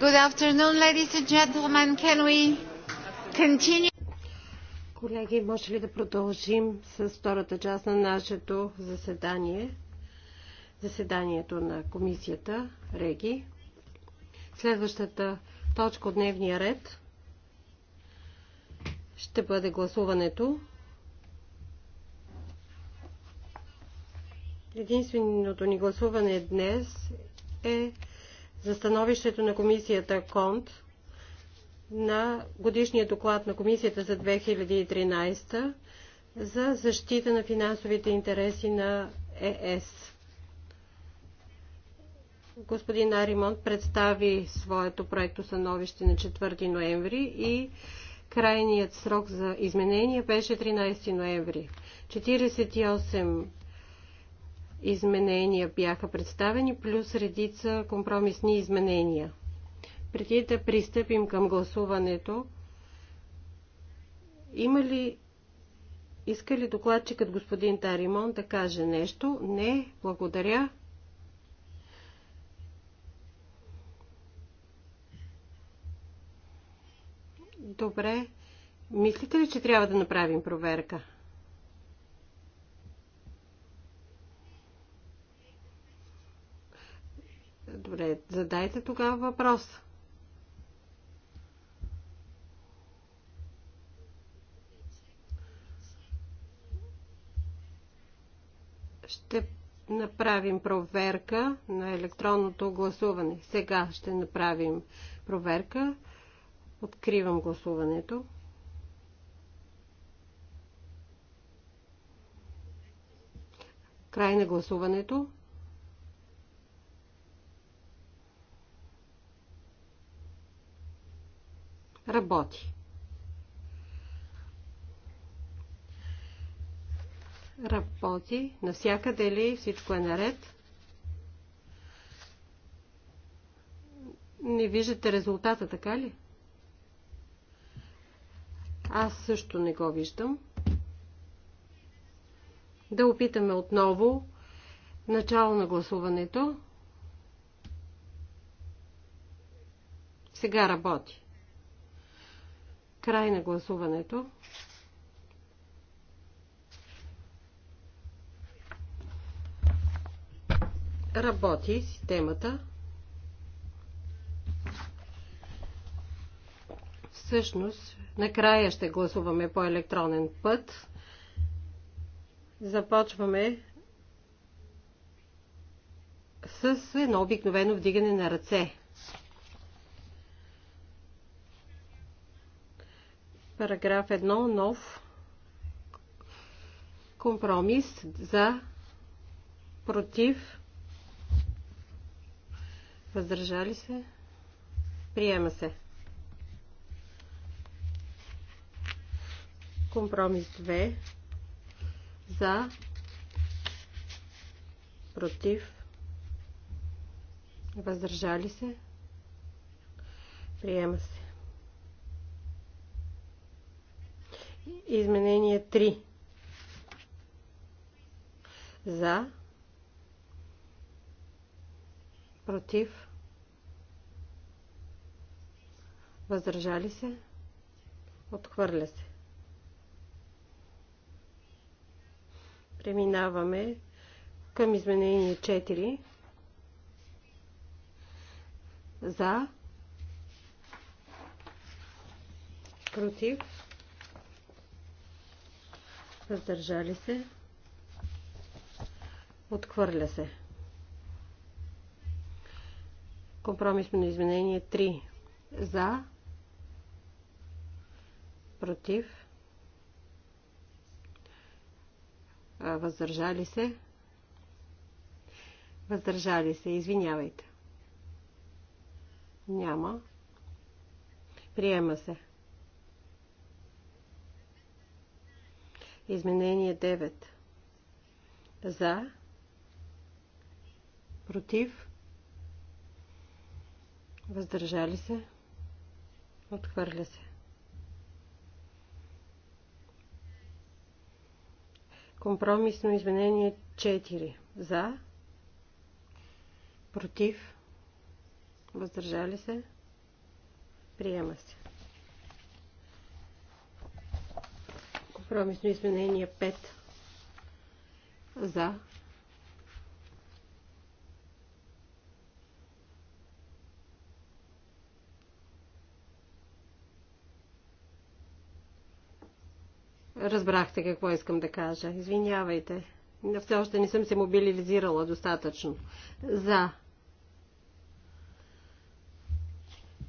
Good afternoon, ladies and gentlemen. Can we continue? Колеги, може ли да продължим с втората част на нашето заседание? Заседанието на комисията Реги. Следващата точка от дневния ред ще бъде гласуването. Единственото ни гласуване днес е за становището на комисията КОНТ на годишния доклад на комисията за 2013 за защита на финансовите интереси на ЕС. Господин Аримон представи своето проекто становище на 4 ноември и крайният срок за изменение беше 13 ноември. 48 изменения бяха представени, плюс редица компромисни изменения. Преди да пристъпим към гласуването, има ли иска ли докладчикът господин Таримон да каже нещо? Не, благодаря. Добре. Мислите ли, че трябва да направим проверка? Добре, задайте тогава въпрос. Ще направим проверка на електронното гласуване. Сега ще направим проверка. Откривам гласуването. Край на гласуването. работи. Работи. Навсякъде ли всичко е наред? Не виждате резултата, така ли? Аз също не го виждам. Да опитаме отново начало на гласуването. Сега работи. Край на гласуването. Работи системата. Всъщност, накрая ще гласуваме по електронен път. Започваме с едно обикновено вдигане на ръце. Параграф 1, нов компромис за против въздържали се приема се компромис 2 за против въздържали се приема се Изменение 3. За. Против. Въздържали се. Отхвърля се. Преминаваме към изменение 4. За. Против въздържали се, отхвърля се. Компромисно изменение 3 за, против, въздържали се, въздържали се, извинявайте. Няма. Приема се. Изменение 9. За. Против. Въздържали се. Отхвърля се. Компромисно изменение 4. За. Против. Въздържали се. Приема се. промисно изменение 5 за. Разбрахте какво искам да кажа. Извинявайте. Все още не съм се мобилизирала достатъчно. За.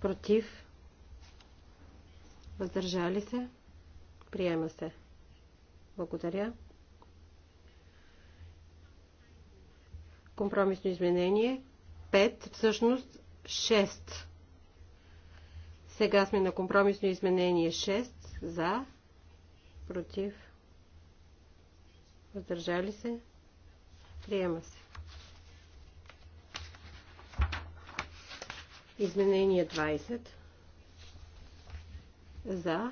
Против. Въздържали се. Приема се. Благодаря. Компромисно изменение. 5, всъщност 6. Сега сме на компромисно изменение 6. За. Против. Въздържали се. Приема се. Изменение 20. За.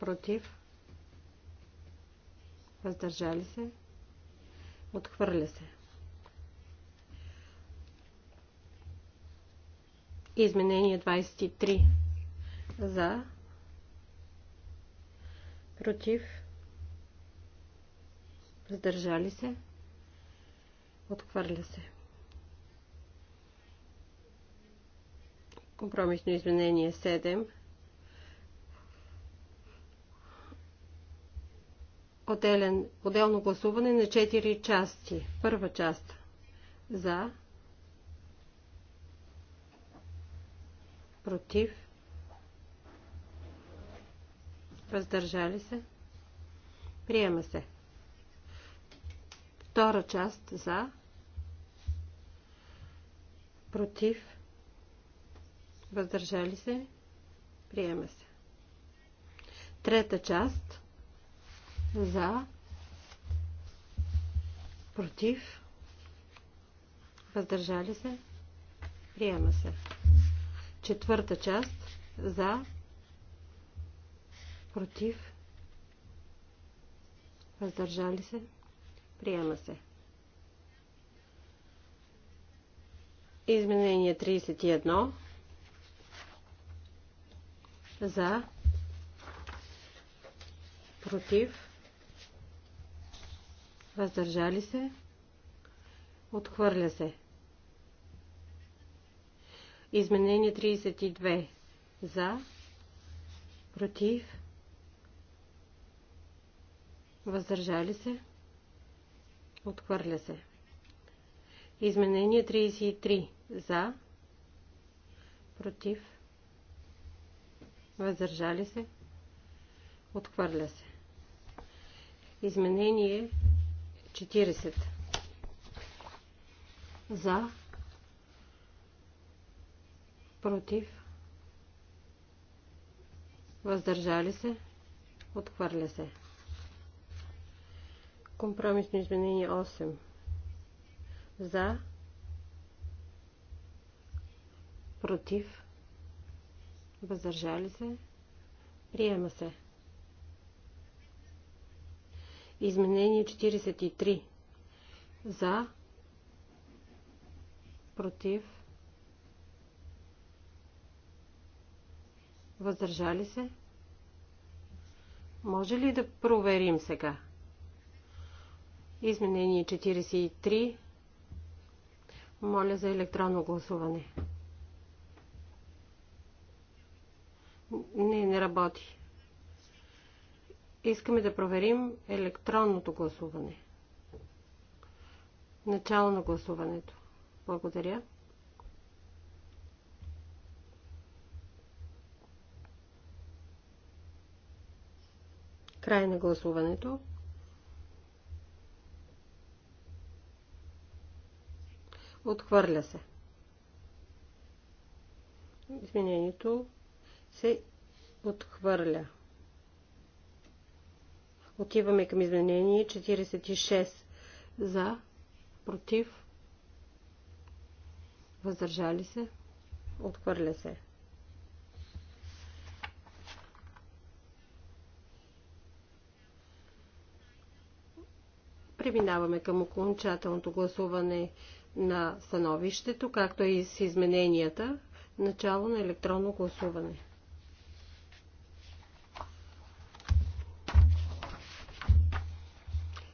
Против въздържали се, отхвърля се. Изменение 23 за, против, въздържали се, отхвърля се. Компромисно изменение 7 отделен, отделно гласуване на 4 части. Първа част за, против, въздържали се, приема се. Втора част за, против, въздържали се, приема се. Трета част за, против, въздържали се, приема се. Четвърта част за, против, въздържали се, приема се. Изменение 31 за, против, въздържали се, отхвърля се. Изменение 32 за, против, въздържали се, отхвърля се. Изменение 33 за, против, въздържали се, отхвърля се. Изменение 40. За. Против. Въздържали се. Отхвърля се. Компромисно изменение 8. За. Против. Въздържали се. Приема се. Изменение 43. За. Против. Въздържали се? Може ли да проверим сега? Изменение 43. Моля за електронно гласуване. Не, не работи. Искаме да проверим електронното гласуване. Начало на гласуването. Благодаря. Край на гласуването. Отхвърля се. Изменението се отхвърля. Отиваме към изменение 46 за, против, въздържали се, отхвърля се. Преминаваме към окончателното гласуване на становището, както и с измененията, начало на електронно гласуване.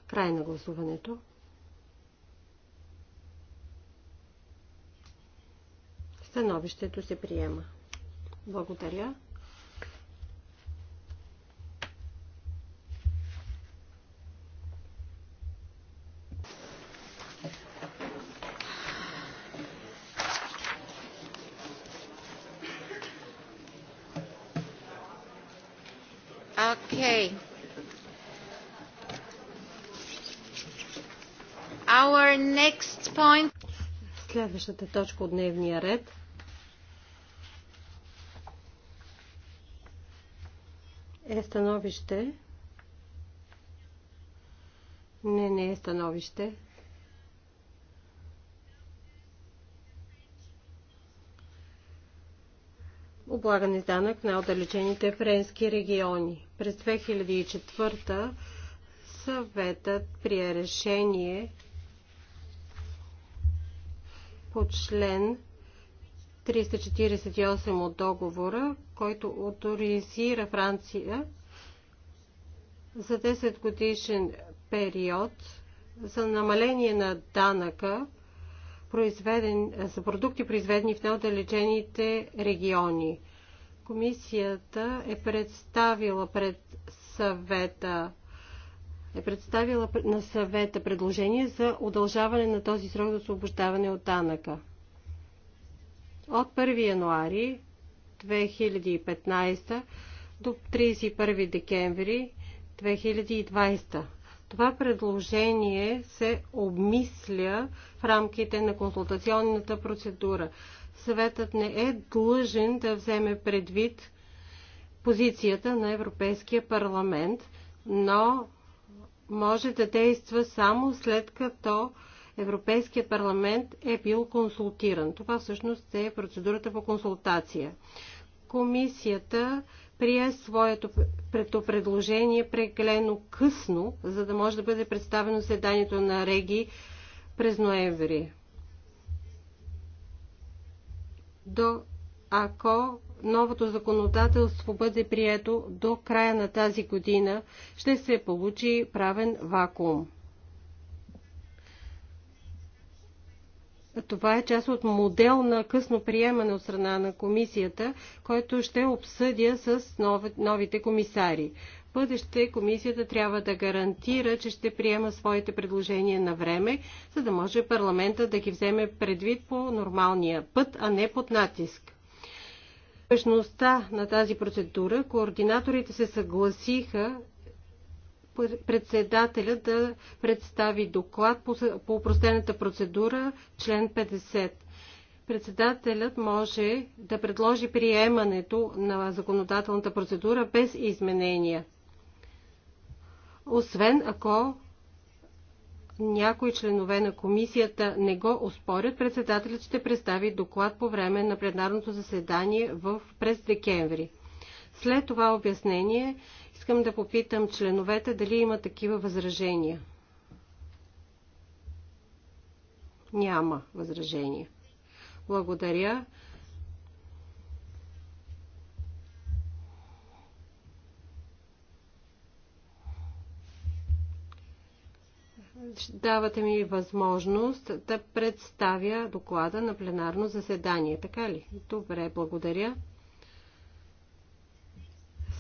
Край на гласуването. Становището се приема. Благодаря. следващата точка от дневния ред. Е становище. Не, не е становище. облагане с данък на отдалечените френски региони. През 2004 съветът прие решение по член 348 от договора, който авторизира Франция за 10 годишен период за намаление на данъка произведен, за продукти, произведени в неотдалечените региони. Комисията е представила пред съвета е представила на съвета предложение за удължаване на този срок за освобождаване от данъка. От 1 януари 2015 до 31 декември 2020. Това предложение се обмисля в рамките на консултационната процедура. Съветът не е длъжен да вземе предвид позицията на Европейския парламент, но може да действа само след като Европейския парламент е бил консултиран. Това всъщност е процедурата по консултация. Комисията прие своето предложение преклено късно, за да може да бъде представено седанието на Реги през ноември. До ако новото законодателство бъде прието до края на тази година, ще се получи правен вакуум. Това е част от модел на късно приемане от страна на комисията, който ще обсъдя с новите комисари. бъдеще комисията трябва да гарантира, че ще приема своите предложения на време, за да може парламента да ги вземе предвид по нормалния път, а не под натиск успешността на тази процедура, координаторите се съгласиха председателя да представи доклад по, по упростената процедура, член 50. Председателят може да предложи приемането на законодателната процедура без изменения, освен ако някои членове на комисията не го оспорят, председателят ще представи доклад по време на пленарното заседание в през декември. След това обяснение искам да попитам членовете дали има такива възражения. Няма възражения. Благодаря. давате ми възможност да представя доклада на пленарно заседание. Така ли? Добре, благодаря.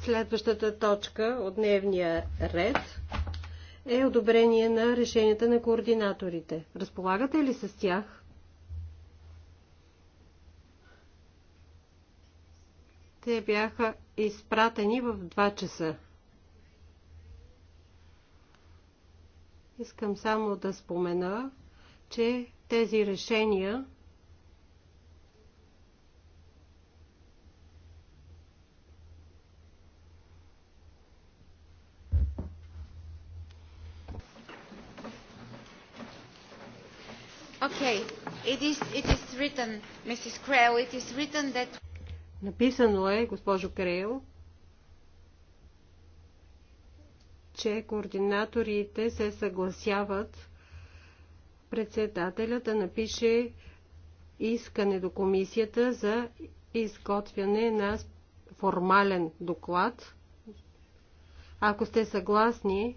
Следващата точка от дневния ред е одобрение на решенията на координаторите. Разполагате ли с тях? Те бяха изпратени в 2 часа. Искам само да спомена, че тези решения Okay. It is, it is written, Mrs. Creel, it is written that... Написано е, госпожо Крейл, че координаторите се съгласяват председателя да напише искане до комисията за изготвяне на формален доклад. Ако сте съгласни,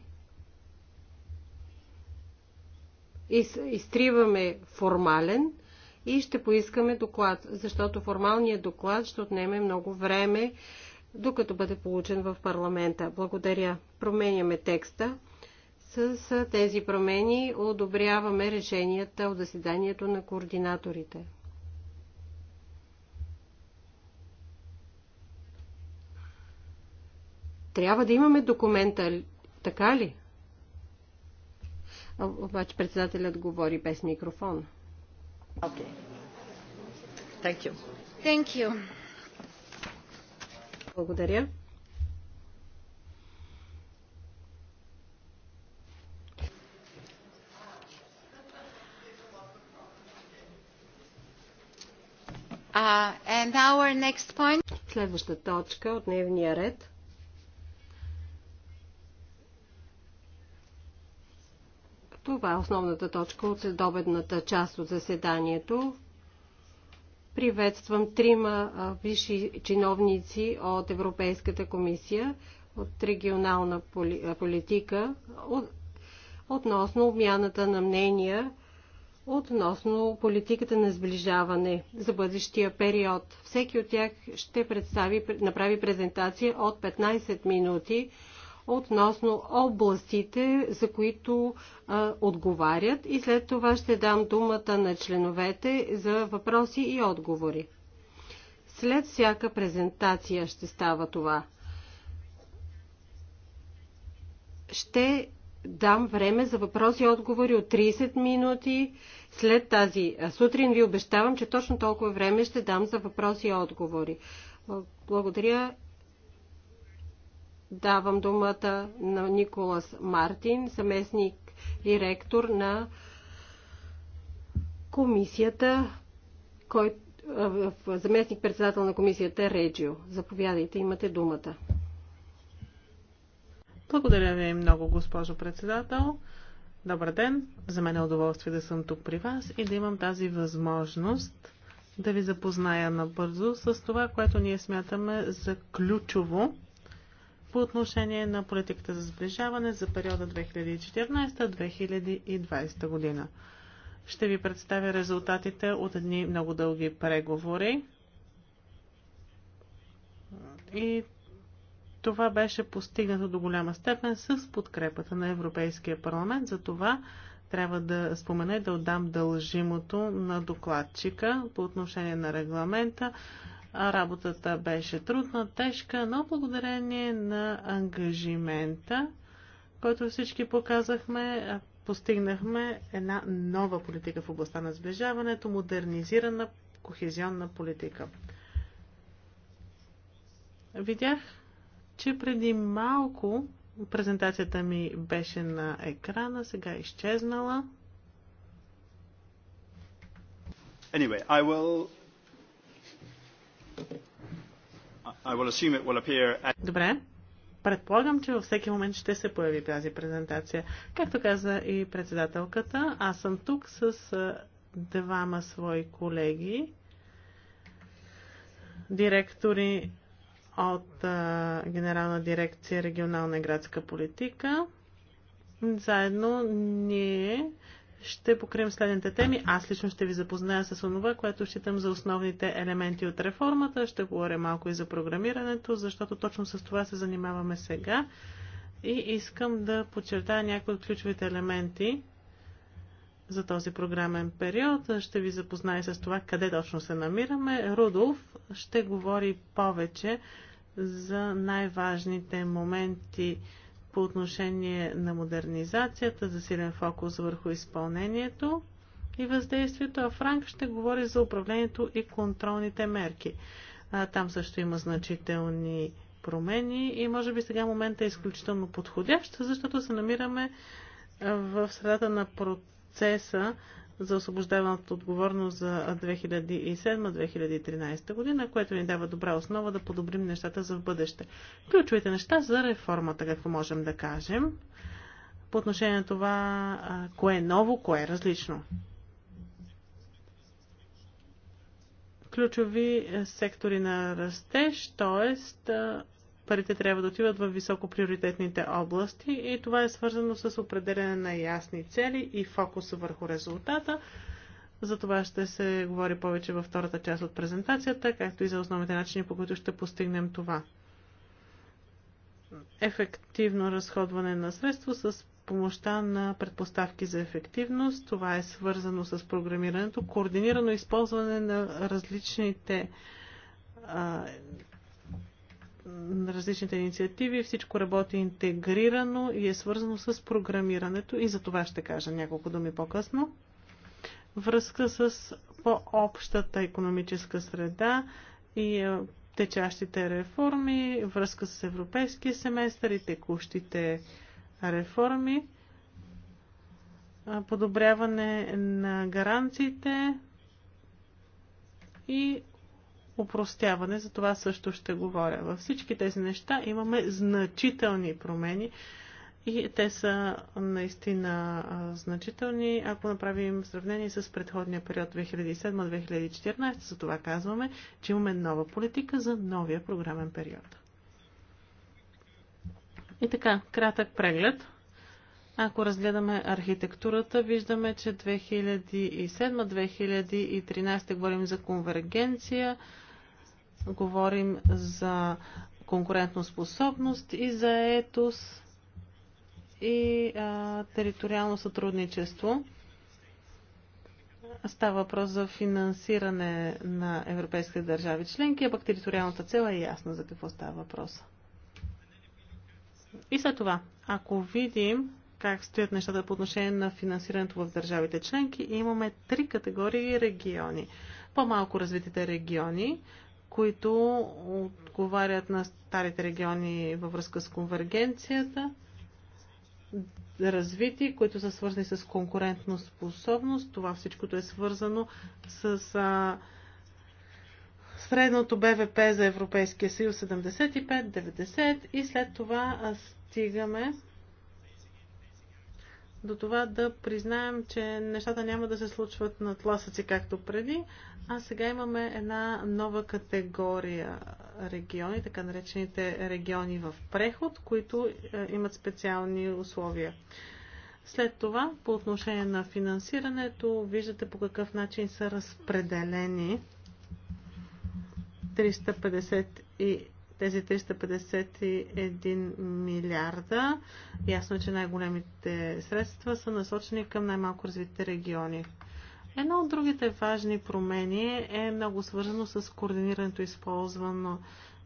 из, изтриваме формален и ще поискаме доклад, защото формалният доклад ще отнеме много време докато бъде получен в парламента. Благодаря. Променяме текста. С тези промени одобряваме решенията от заседанието на координаторите. Трябва да имаме документа, така ли? Обаче председателят говори без микрофон. Okay. Thank you. Thank you. Благодаря. Uh, and our next point. Следваща точка от дневния ред. Това е основната точка от следобедната част от заседанието. Приветствам трима висши чиновници от Европейската комисия, от регионална политика, относно обмяната на мнения, относно политиката на сближаване за бъдещия период. Всеки от тях ще представи, направи презентация от 15 минути относно областите, за които а, отговарят и след това ще дам думата на членовете за въпроси и отговори. След всяка презентация ще става това. Ще дам време за въпроси и отговори от 30 минути. След тази сутрин ви обещавам, че точно толкова време ще дам за въпроси и отговори. Благодаря Давам думата на Николас Мартин, съместник и ректор на комисията, кой, заместник председател на комисията Реджио. Заповядайте, имате думата. Благодаря ви много, госпожо председател. Добър ден! За мен е удоволствие да съм тук при вас и да имам тази възможност да ви запозная набързо с това, което ние смятаме за ключово по отношение на политиката за сближаване за периода 2014-2020 година. Ще ви представя резултатите от едни много дълги преговори. И това беше постигнато до голяма степен с подкрепата на Европейския парламент. За това трябва да спомена и да отдам дължимото на докладчика по отношение на регламента Работата беше трудна, тежка, но благодарение на ангажимента, който всички показахме, постигнахме една нова политика в областта на сближаването, модернизирана кохезионна политика. Видях, че преди малко презентацията ми беше на екрана, сега е изчезнала. Anyway, I will Добре. Предполагам, че във всеки момент ще се появи тази презентация. Както каза и председателката, аз съм тук с двама свои колеги, директори от а, Генерална дирекция регионална и градска политика. Заедно ние ще покрием следните теми. Аз лично ще ви запозная с онова, което считам за основните елементи от реформата. Ще говоря малко и за програмирането, защото точно с това се занимаваме сега. И искам да подчертая някои от ключовите елементи за този програмен период. Ще ви запозная с това къде точно се намираме. Рудолф ще говори повече за най-важните моменти по отношение на модернизацията, засилен фокус върху изпълнението и въздействието, а Франк ще говори за управлението и контролните мерки. А, там също има значителни промени и може би сега момента е изключително подходящ, защото се намираме в средата на процеса за освобождаване от отговорност за 2007-2013 година, което ни дава добра основа да подобрим нещата за в бъдеще. Ключовите неща за реформата, какво можем да кажем, по отношение на това, кое е ново, кое е различно. ключови е, сектори на растеж, т.е парите трябва да отиват в високоприоритетните области и това е свързано с определене на ясни цели и фокус върху резултата. За това ще се говори повече във втората част от презентацията, както и за основните начини, по които ще постигнем това. Ефективно разходване на средства с помощта на предпоставки за ефективност. Това е свързано с програмирането, координирано използване на различните а, различните инициативи, всичко работи интегрирано и е свързано с програмирането и за това ще кажа няколко думи по-късно. Връзка с по-общата економическа среда и е, течащите реформи, връзка с европейския семестър и текущите реформи, подобряване на гаранциите и упростяване, за това също ще говоря. Във всички тези неща имаме значителни промени и те са наистина значителни, ако направим сравнение с предходния период 2007-2014. За това казваме, че имаме нова политика за новия програмен период. И така, кратък преглед. Ако разгледаме архитектурата, виждаме, че 2007-2013 говорим за конвергенция, говорим за конкурентоспособност и за етос и а, териториално сътрудничество. Става въпрос за финансиране на европейските държави членки, а пък териториалната цел е ясна за какво става въпрос. И след това, ако видим как стоят нещата по отношение на финансирането в държавите членки. И имаме три категории региони. По-малко развитите региони, които отговарят на старите региони във връзка с конвергенцията, развити, които са свързани с конкурентно способност. Това всичкото е свързано с а, средното БВП за Европейския съюз 75-90 и след това стигаме до това да признаем, че нещата няма да се случват на тласъци както преди, а сега имаме една нова категория региони, така наречените региони в преход, които е, имат специални условия. След това, по отношение на финансирането, виждате по какъв начин са разпределени и тези 351 милиарда. Ясно е, че най-големите средства са насочени към най-малко развитите региони. Едно от другите важни промени е много свързано с координирането използвано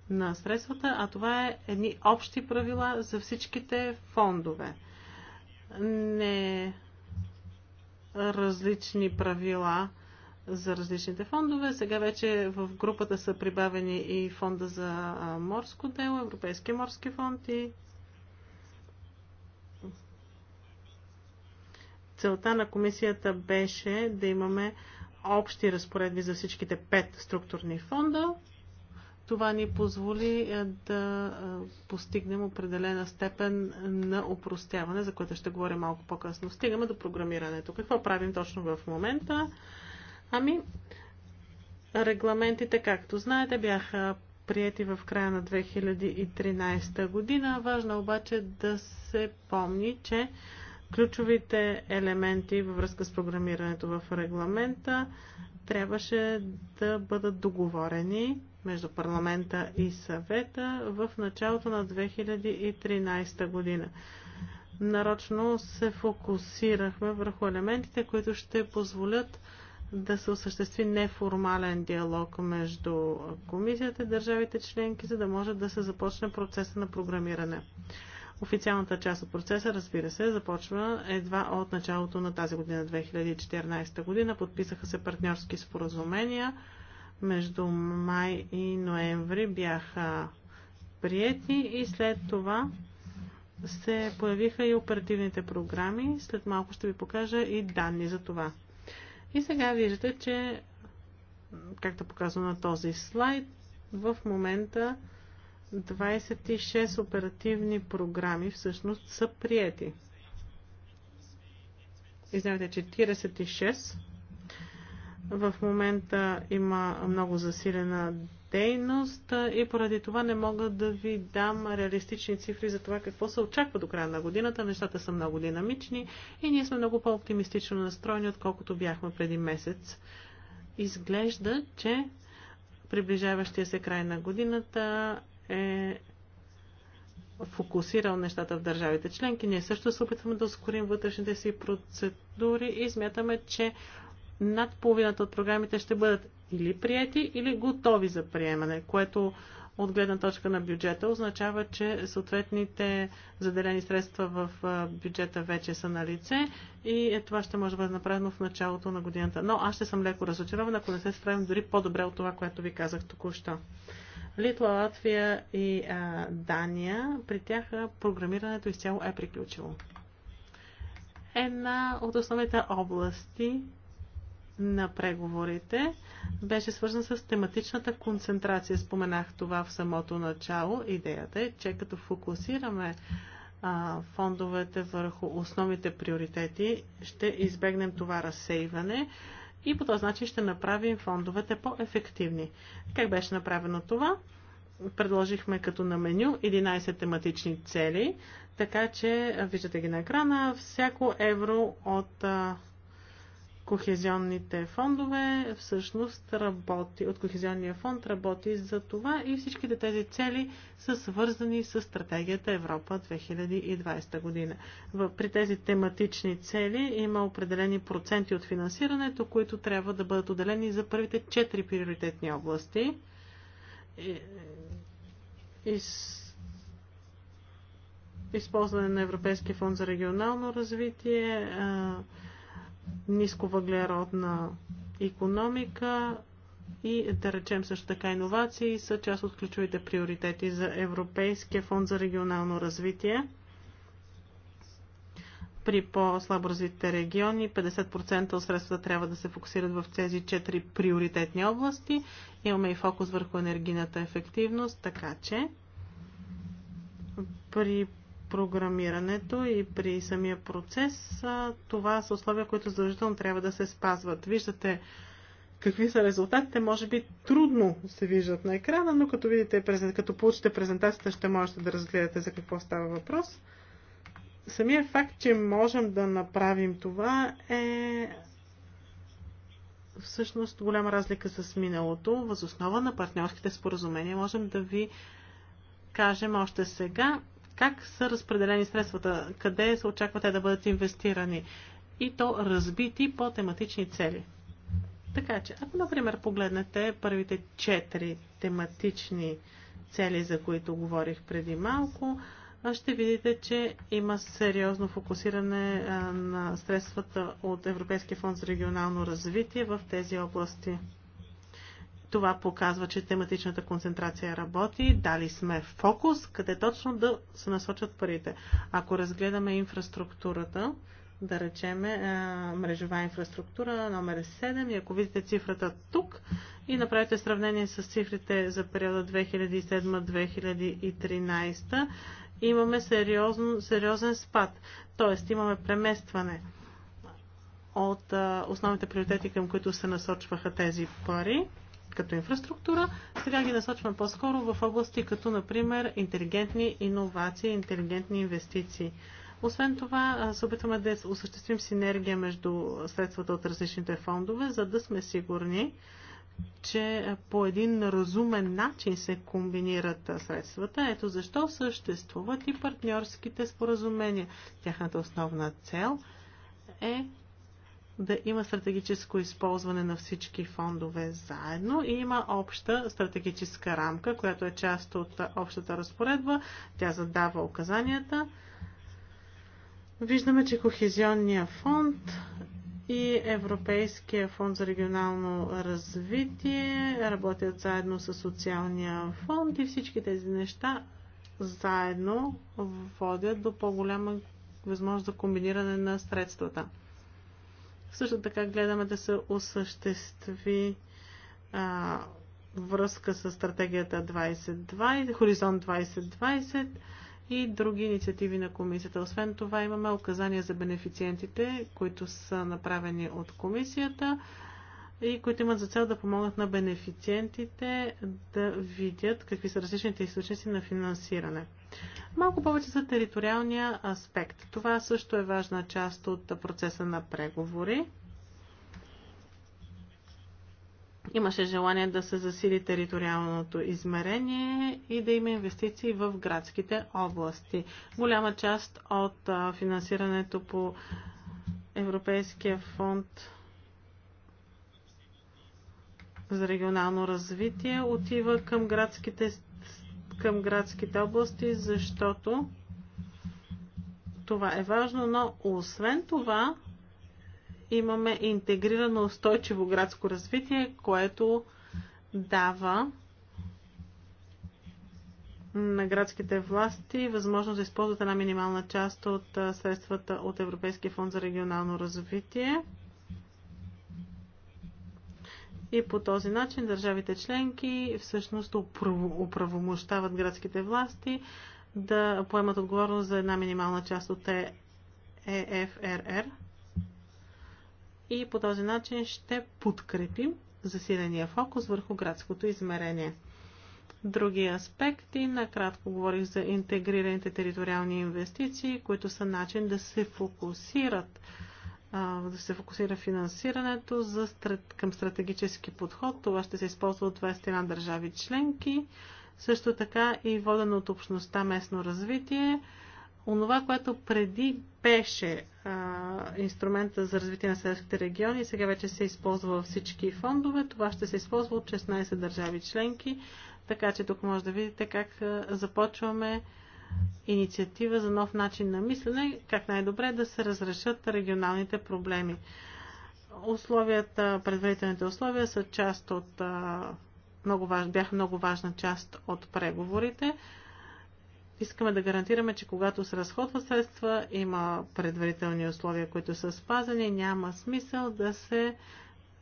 на средствата, а това е едни общи правила за всичките фондове. Не различни правила за различните фондове. Сега вече в групата са прибавени и фонда за морско дело, Европейския морски фонд и целта на комисията беше да имаме общи разпоредби за всичките пет структурни фонда. Това ни позволи е, да е, постигнем определена степен на упростяване, за което ще говоря малко по-късно. Стигаме до програмирането. Какво правим точно в момента? Ами, регламентите, както знаете, бяха прияти в края на 2013 година. Важно е обаче да се помни, че ключовите елементи във връзка с програмирането в регламента трябваше да бъдат договорени между парламента и съвета в началото на 2013 година. Нарочно се фокусирахме върху елементите, които ще позволят да се осъществи неформален диалог между комисията и държавите членки, за да може да се започне процеса на програмиране. Официалната част от процеса, разбира се, започва едва от началото на тази година, 2014 година. Подписаха се партньорски споразумения. Между май и ноември бяха приети и след това се появиха и оперативните програми. След малко ще ви покажа и данни за това. И сега виждате, че, както показвам на този слайд, в момента 26 оперативни програми всъщност са приети. Извинявайте, 46. В момента има много засилена дейност и поради това не мога да ви дам реалистични цифри за това какво се очаква до края на годината. Нещата са много динамични и ние сме много по-оптимистично настроени, отколкото бяхме преди месец. Изглежда, че приближаващия се край на годината е фокусирал нещата в държавите членки. Ние също се опитваме да ускорим вътрешните си процедури и смятаме, че над половината от програмите ще бъдат или прияти, или готови за приемане, което от гледна точка на бюджета означава, че съответните заделени средства в бюджета вече са на лице и е, това ще може да бъде направено в началото на годината. Но аз ще съм леко разочарована, ако не се справим дори по-добре от това, което ви казах току-що. Литва, Латвия и а, Дания, при тях програмирането изцяло е приключило. Една от основните области на преговорите беше свързан с тематичната концентрация. Споменах това в самото начало. Идеята е, че като фокусираме а, фондовете върху основните приоритети, ще избегнем това разсейване и по този начин ще направим фондовете по-ефективни. Как беше направено това? Предложихме като на меню 11 тематични цели, така че виждате ги на екрана, всяко евро от а, кохезионните фондове всъщност работи, от кохезионния фонд работи за това и всичките тези цели са свързани с стратегията Европа 2020 година. При тези тематични цели има определени проценти от финансирането, които трябва да бъдат отделени за първите 4 приоритетни области. Използване на Европейския фонд за регионално развитие, нисковъглеродна економика и да речем също така иновации са част от ключовите приоритети за Европейския фонд за регионално развитие. При по-слабо развитите региони 50% от средствата трябва да се фокусират в тези 4 приоритетни области. Имаме и фокус върху енергийната ефективност, така че при програмирането и при самия процес, това са условия, които задължително трябва да се спазват. Виждате какви са резултатите, може би трудно се виждат на екрана, но като, видите, като получите презентацията, ще можете да разгледате за какво става въпрос. Самия факт, че можем да направим това е всъщност голяма разлика с миналото. Възоснова на партньорските споразумения можем да ви кажем още сега как са разпределени средствата, къде се очаква те да бъдат инвестирани и то разбити по тематични цели. Така че, ако, например, погледнете първите четири тематични цели, за които говорих преди малко, ще видите, че има сериозно фокусиране на средствата от Европейския фонд за регионално развитие в тези области. Това показва, че тематичната концентрация работи, дали сме фокус, къде точно да се насочат парите. Ако разгледаме инфраструктурата, да речеме мрежова инфраструктура номер 7 и ако видите цифрата тук и направите сравнение с цифрите за периода 2007-2013, имаме сериозен, сериозен спад. Тоест имаме преместване от основните приоритети, към които се насочваха тези пари като инфраструктура, сега ги насочваме по-скоро в области като, например, интелигентни иновации, интелигентни инвестиции. Освен това, се опитваме да осъществим синергия между средствата от различните фондове, за да сме сигурни, че по един разумен начин се комбинират средствата. Ето защо съществуват и партньорските споразумения. Тяхната основна цел е да има стратегическо използване на всички фондове заедно и има обща стратегическа рамка, която е част от общата разпоредба. Тя задава указанията. Виждаме, че Кохезионния фонд и Европейския фонд за регионално развитие работят заедно с Социалния фонд и всички тези неща заедно водят до по-голяма възможност за комбиниране на средствата. Също така гледаме да се осъществи а, връзка с стратегията 2020, Хоризонт 2020 и други инициативи на комисията. Освен това имаме указания за бенефициентите, които са направени от комисията и които имат за цел да помогнат на бенефициентите да видят какви са различните източници на финансиране. Малко повече за териториалния аспект. Това също е важна част от процеса на преговори. Имаше желание да се засили териториалното измерение и да има инвестиции в градските области. Голяма част от финансирането по Европейския фонд за регионално развитие отива към градските към градските области, защото това е важно, но освен това имаме интегрирано устойчиво градско развитие, което дава на градските власти възможност да използват една минимална част от средствата от Европейския фонд за регионално развитие. И по този начин държавите членки всъщност оправомощават градските власти да поемат отговорност за една минимална част от ЕФРР. Е И по този начин ще подкрепим засиления фокус върху градското измерение. Други аспекти, накратко говорих за интегрираните териториални инвестиции, които са начин да се фокусират да се фокусира финансирането за, към стратегически подход. Това ще се използва от 21 държави членки. Също така и водено от общността местно развитие. Онова, което преди беше а, инструмента за развитие на селските региони, сега вече се използва във всички фондове. Това ще се използва от 16 държави членки. Така че тук може да видите как започваме инициатива за нов начин на мислене, как най-добре да се разрешат регионалните проблеми. Условията, предварителните условия са част от, много важ, бяха много важна част от преговорите. Искаме да гарантираме, че когато се разходва средства, има предварителни условия, които са спазени. Няма смисъл да се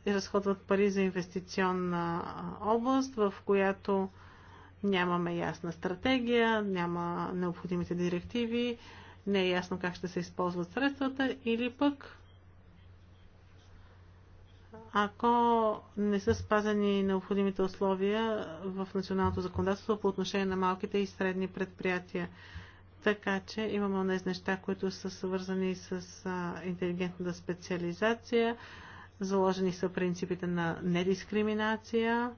разходват пари за инвестиционна област, в която Нямаме ясна стратегия, няма необходимите директиви, не е ясно как ще се използват средствата или пък ако не са спазени необходимите условия в националното законодателство по отношение на малките и средни предприятия. Така че имаме от неща, които са свързани с интелигентната специализация, заложени са принципите на недискриминация,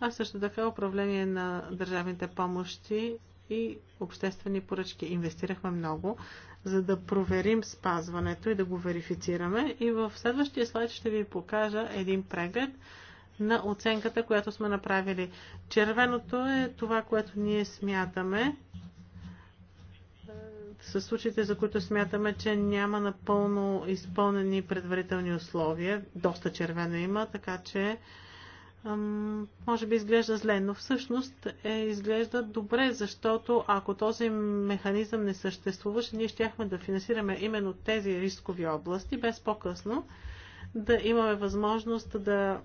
а също така управление на държавните помощи и обществени поръчки. Инвестирахме много, за да проверим спазването и да го верифицираме. И в следващия слайд ще ви покажа един преглед на оценката, която сме направили. Червеното е това, което ние смятаме с случаите, за които смятаме, че няма напълно изпълнени предварителни условия. Доста червено има, така че може би изглежда зле, но всъщност е, изглежда добре, защото ако този механизъм не съществуваше, ние щяхме да финансираме именно тези рискови области, без по-късно да имаме възможност да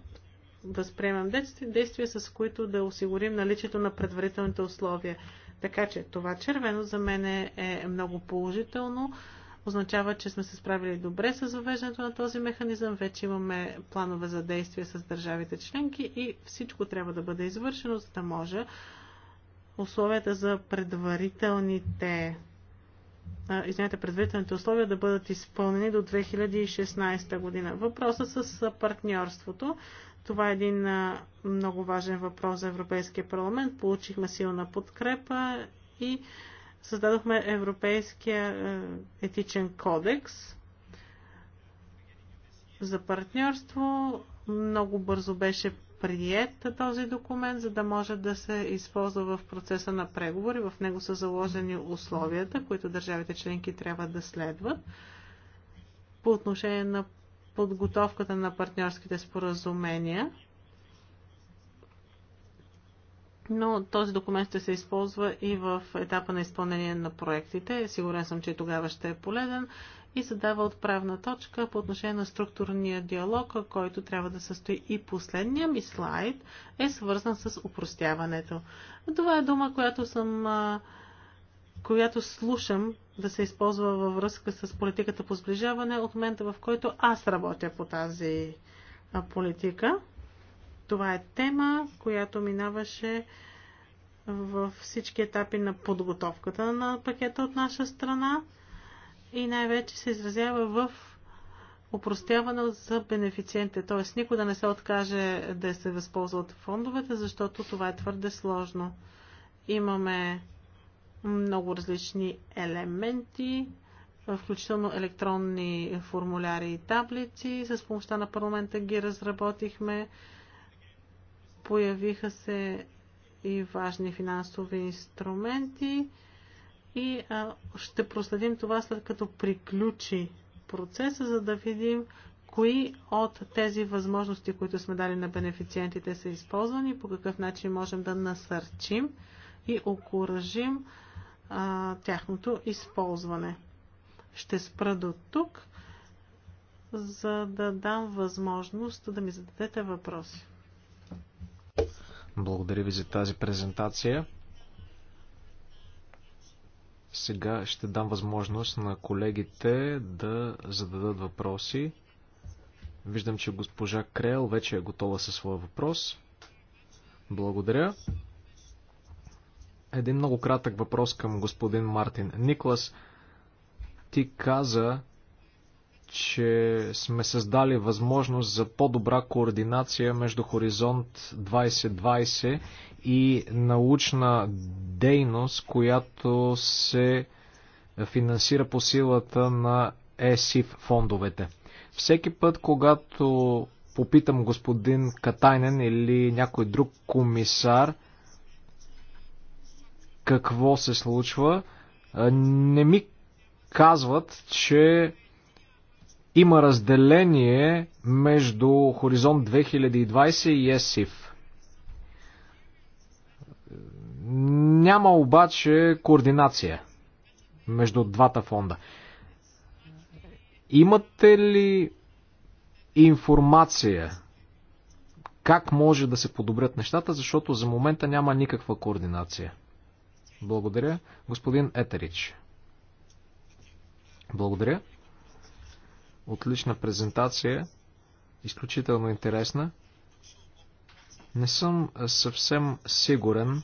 възприемем действия, действия, с които да осигурим наличието на предварителните условия. Така че това червено за мен е, е много положително означава, че сме се справили добре с въвеждането на този механизъм. Вече имаме планове за действие с държавите членки и всичко трябва да бъде извършено, за да може условията за предварителните извинете, предварителните условия да бъдат изпълнени до 2016 година. Въпросът с партньорството. Това е един много важен въпрос за Европейския парламент. Получихме силна подкрепа и Създадохме Европейския е, етичен кодекс за партньорство. Много бързо беше прият този документ, за да може да се използва в процеса на преговори. В него са заложени условията, които държавите членки трябва да следват по отношение на подготовката на партньорските споразумения но този документ ще се използва и в етапа на изпълнение на проектите. Сигурен съм, че тогава ще е полезен и се дава отправна точка по отношение на структурния диалог, който трябва да състои. И последния ми слайд е свързан с упростяването. Това е дума, която съм която слушам да се използва във връзка с политиката по сближаване от момента, в който аз работя по тази политика. Това е тема, която минаваше във всички етапи на подготовката на пакета от наша страна и най-вече се изразява в упростяване за бенефициентите. Т.е. никой да не се откаже да се възползва от фондовете, защото това е твърде сложно. Имаме много различни елементи, включително електронни формуляри и таблици. С помощта на парламента ги разработихме. Появиха се и важни финансови инструменти и а, ще проследим това след като приключи процеса, за да видим кои от тези възможности, които сме дали на бенефициентите, са използвани, по какъв начин можем да насърчим и окоръжим а, тяхното използване. Ще спра до тук, за да дам възможност да ми зададете въпроси. Благодаря ви за тази презентация. Сега ще дам възможност на колегите да зададат въпроси. Виждам, че госпожа Крел вече е готова със своя въпрос. Благодаря. Един много кратък въпрос към господин Мартин. Никлас, ти каза, че сме създали възможност за по-добра координация между Хоризонт 2020 и научна дейност, която се финансира по силата на ЕСИФ фондовете. Всеки път, когато попитам господин Катайнен или някой друг комисар какво се случва, не ми казват, че има разделение между Хоризонт 2020 и ЕСИФ. Няма обаче координация между двата фонда. Имате ли информация как може да се подобрят нещата, защото за момента няма никаква координация? Благодаря. Господин Етерич. Благодаря. Отлична презентация, изключително интересна. Не съм съвсем сигурен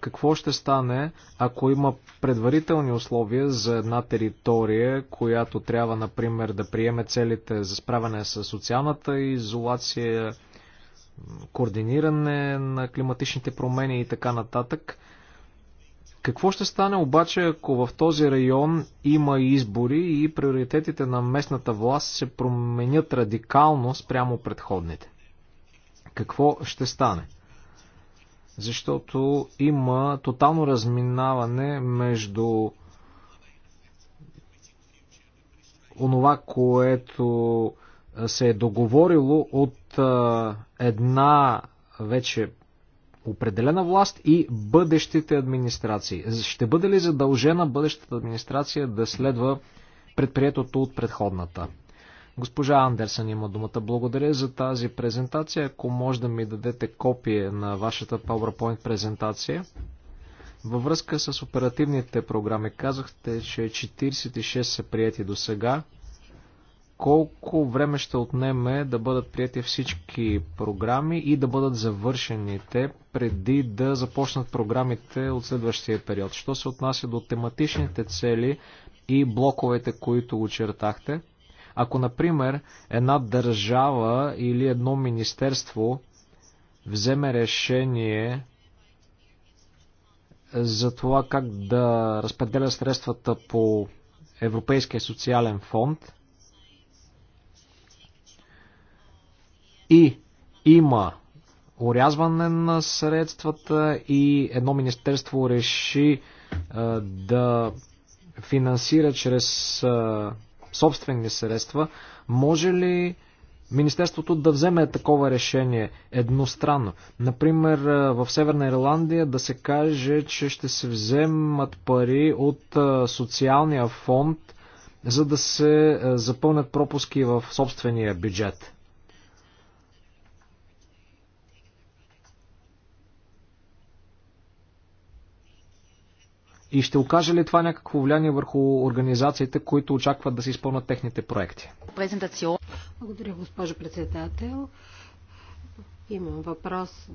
какво ще стане, ако има предварителни условия за една територия, която трябва, например, да приеме целите за справяне с социалната изолация, координиране на климатичните промени и така нататък – какво ще стане обаче, ако в този район има избори и приоритетите на местната власт се променят радикално спрямо предходните? Какво ще стане? Защото има тотално разминаване между онова, което се е договорило от една вече определена власт и бъдещите администрации. Ще бъде ли задължена бъдещата администрация да следва предприетото от предходната? Госпожа Андерсън има думата. Благодаря за тази презентация. Ако може да ми дадете копие на вашата PowerPoint презентация. Във връзка с оперативните програми казахте, че 46 са прияти до сега колко време ще отнеме да бъдат прияти всички програми и да бъдат завършените преди да започнат програмите от следващия период. Що се отнася до тематичните цели и блоковете, които очертахте? Ако, например, една държава или едно министерство вземе решение за това как да разпределя средствата по Европейския социален фонд – И има урязване на средствата и едно министерство реши а, е, да финансира чрез а, е, собствени средства. Може ли Министерството да вземе такова решение едностранно. Например, е, в Северна Ирландия да се каже, че ще се вземат пари от социалния фонд, за да се запълнят пропуски в собствения бюджет. И ще окаже ли това някакво влияние върху организациите, които очакват да се изпълнат техните проекти? Благодаря, госпожо председател. Имам въпрос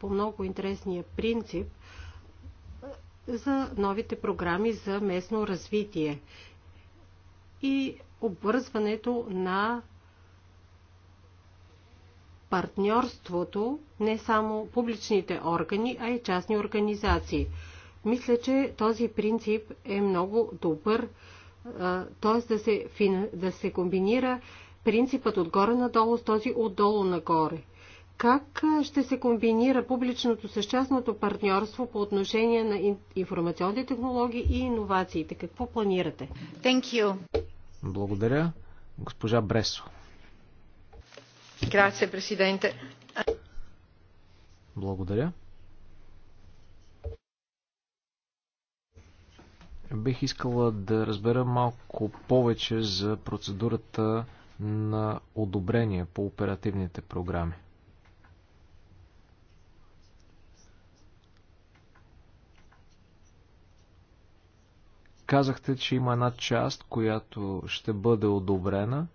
по много интересния принцип за новите програми за местно развитие и обвързването на партньорството не само публичните органи, а и частни организации – мисля, че този принцип е много добър, т.е. Да се, да се комбинира принципът отгоре надолу с този отдолу нагоре. Как ще се комбинира публичното с частното партньорство по отношение на информационните технологии и иновациите? Какво планирате? Thank you. Благодаря. Госпожа Бресо. Грация, президенте. Благодаря. Бих искала да разбера малко повече за процедурата на одобрение по оперативните програми. Казахте, че има една част, която ще бъде одобрена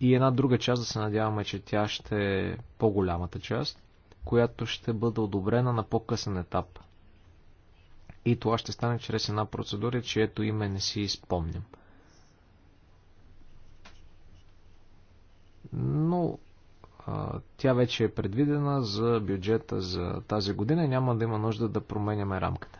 и една друга част, да се надяваме, че тя ще е по-голямата част, която ще бъде одобрена на по-късен етап. И това ще стане чрез една процедура, чието име не си изпомням. Но а, тя вече е предвидена за бюджета за тази година и няма да има нужда да променяме рамката.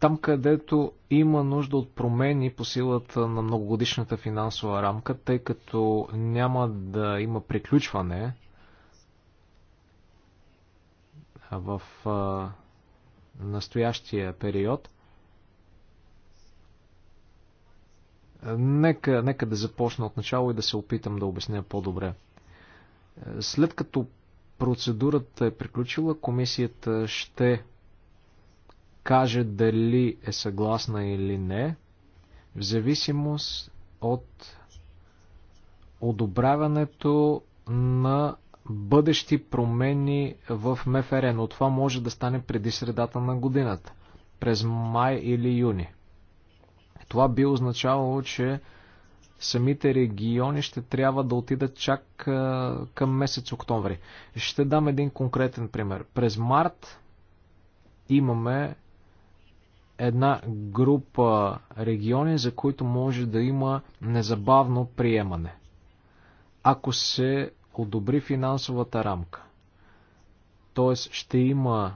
там, където има нужда от промени по силата на многогодишната финансова рамка, тъй като няма да има приключване в настоящия период. Нека, нека да започна от начало и да се опитам да обясня по-добре. След като процедурата е приключила, комисията ще каже дали е съгласна или не, в зависимост от одобряването на бъдещи промени в МФР, но това може да стане преди средата на годината, през май или юни. Това би означавало, че самите региони ще трябва да отидат чак към месец октомври. Ще дам един конкретен пример. През март имаме една група региони, за които може да има незабавно приемане. Ако се одобри финансовата рамка. Тоест ще има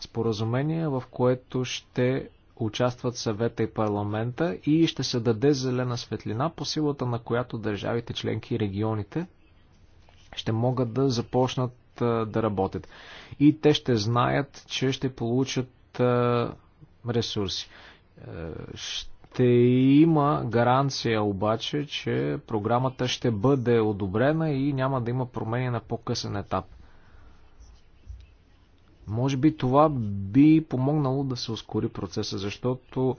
споразумение, в което ще участват съвета и парламента и ще се даде зелена светлина, по силата на която държавите членки и регионите ще могат да започнат да работят. И те ще знаят, че ще получат ресурси. Ще ще има гаранция обаче, че програмата ще бъде одобрена и няма да има промени на по-късен етап. Може би това би помогнало да се ускори процеса, защото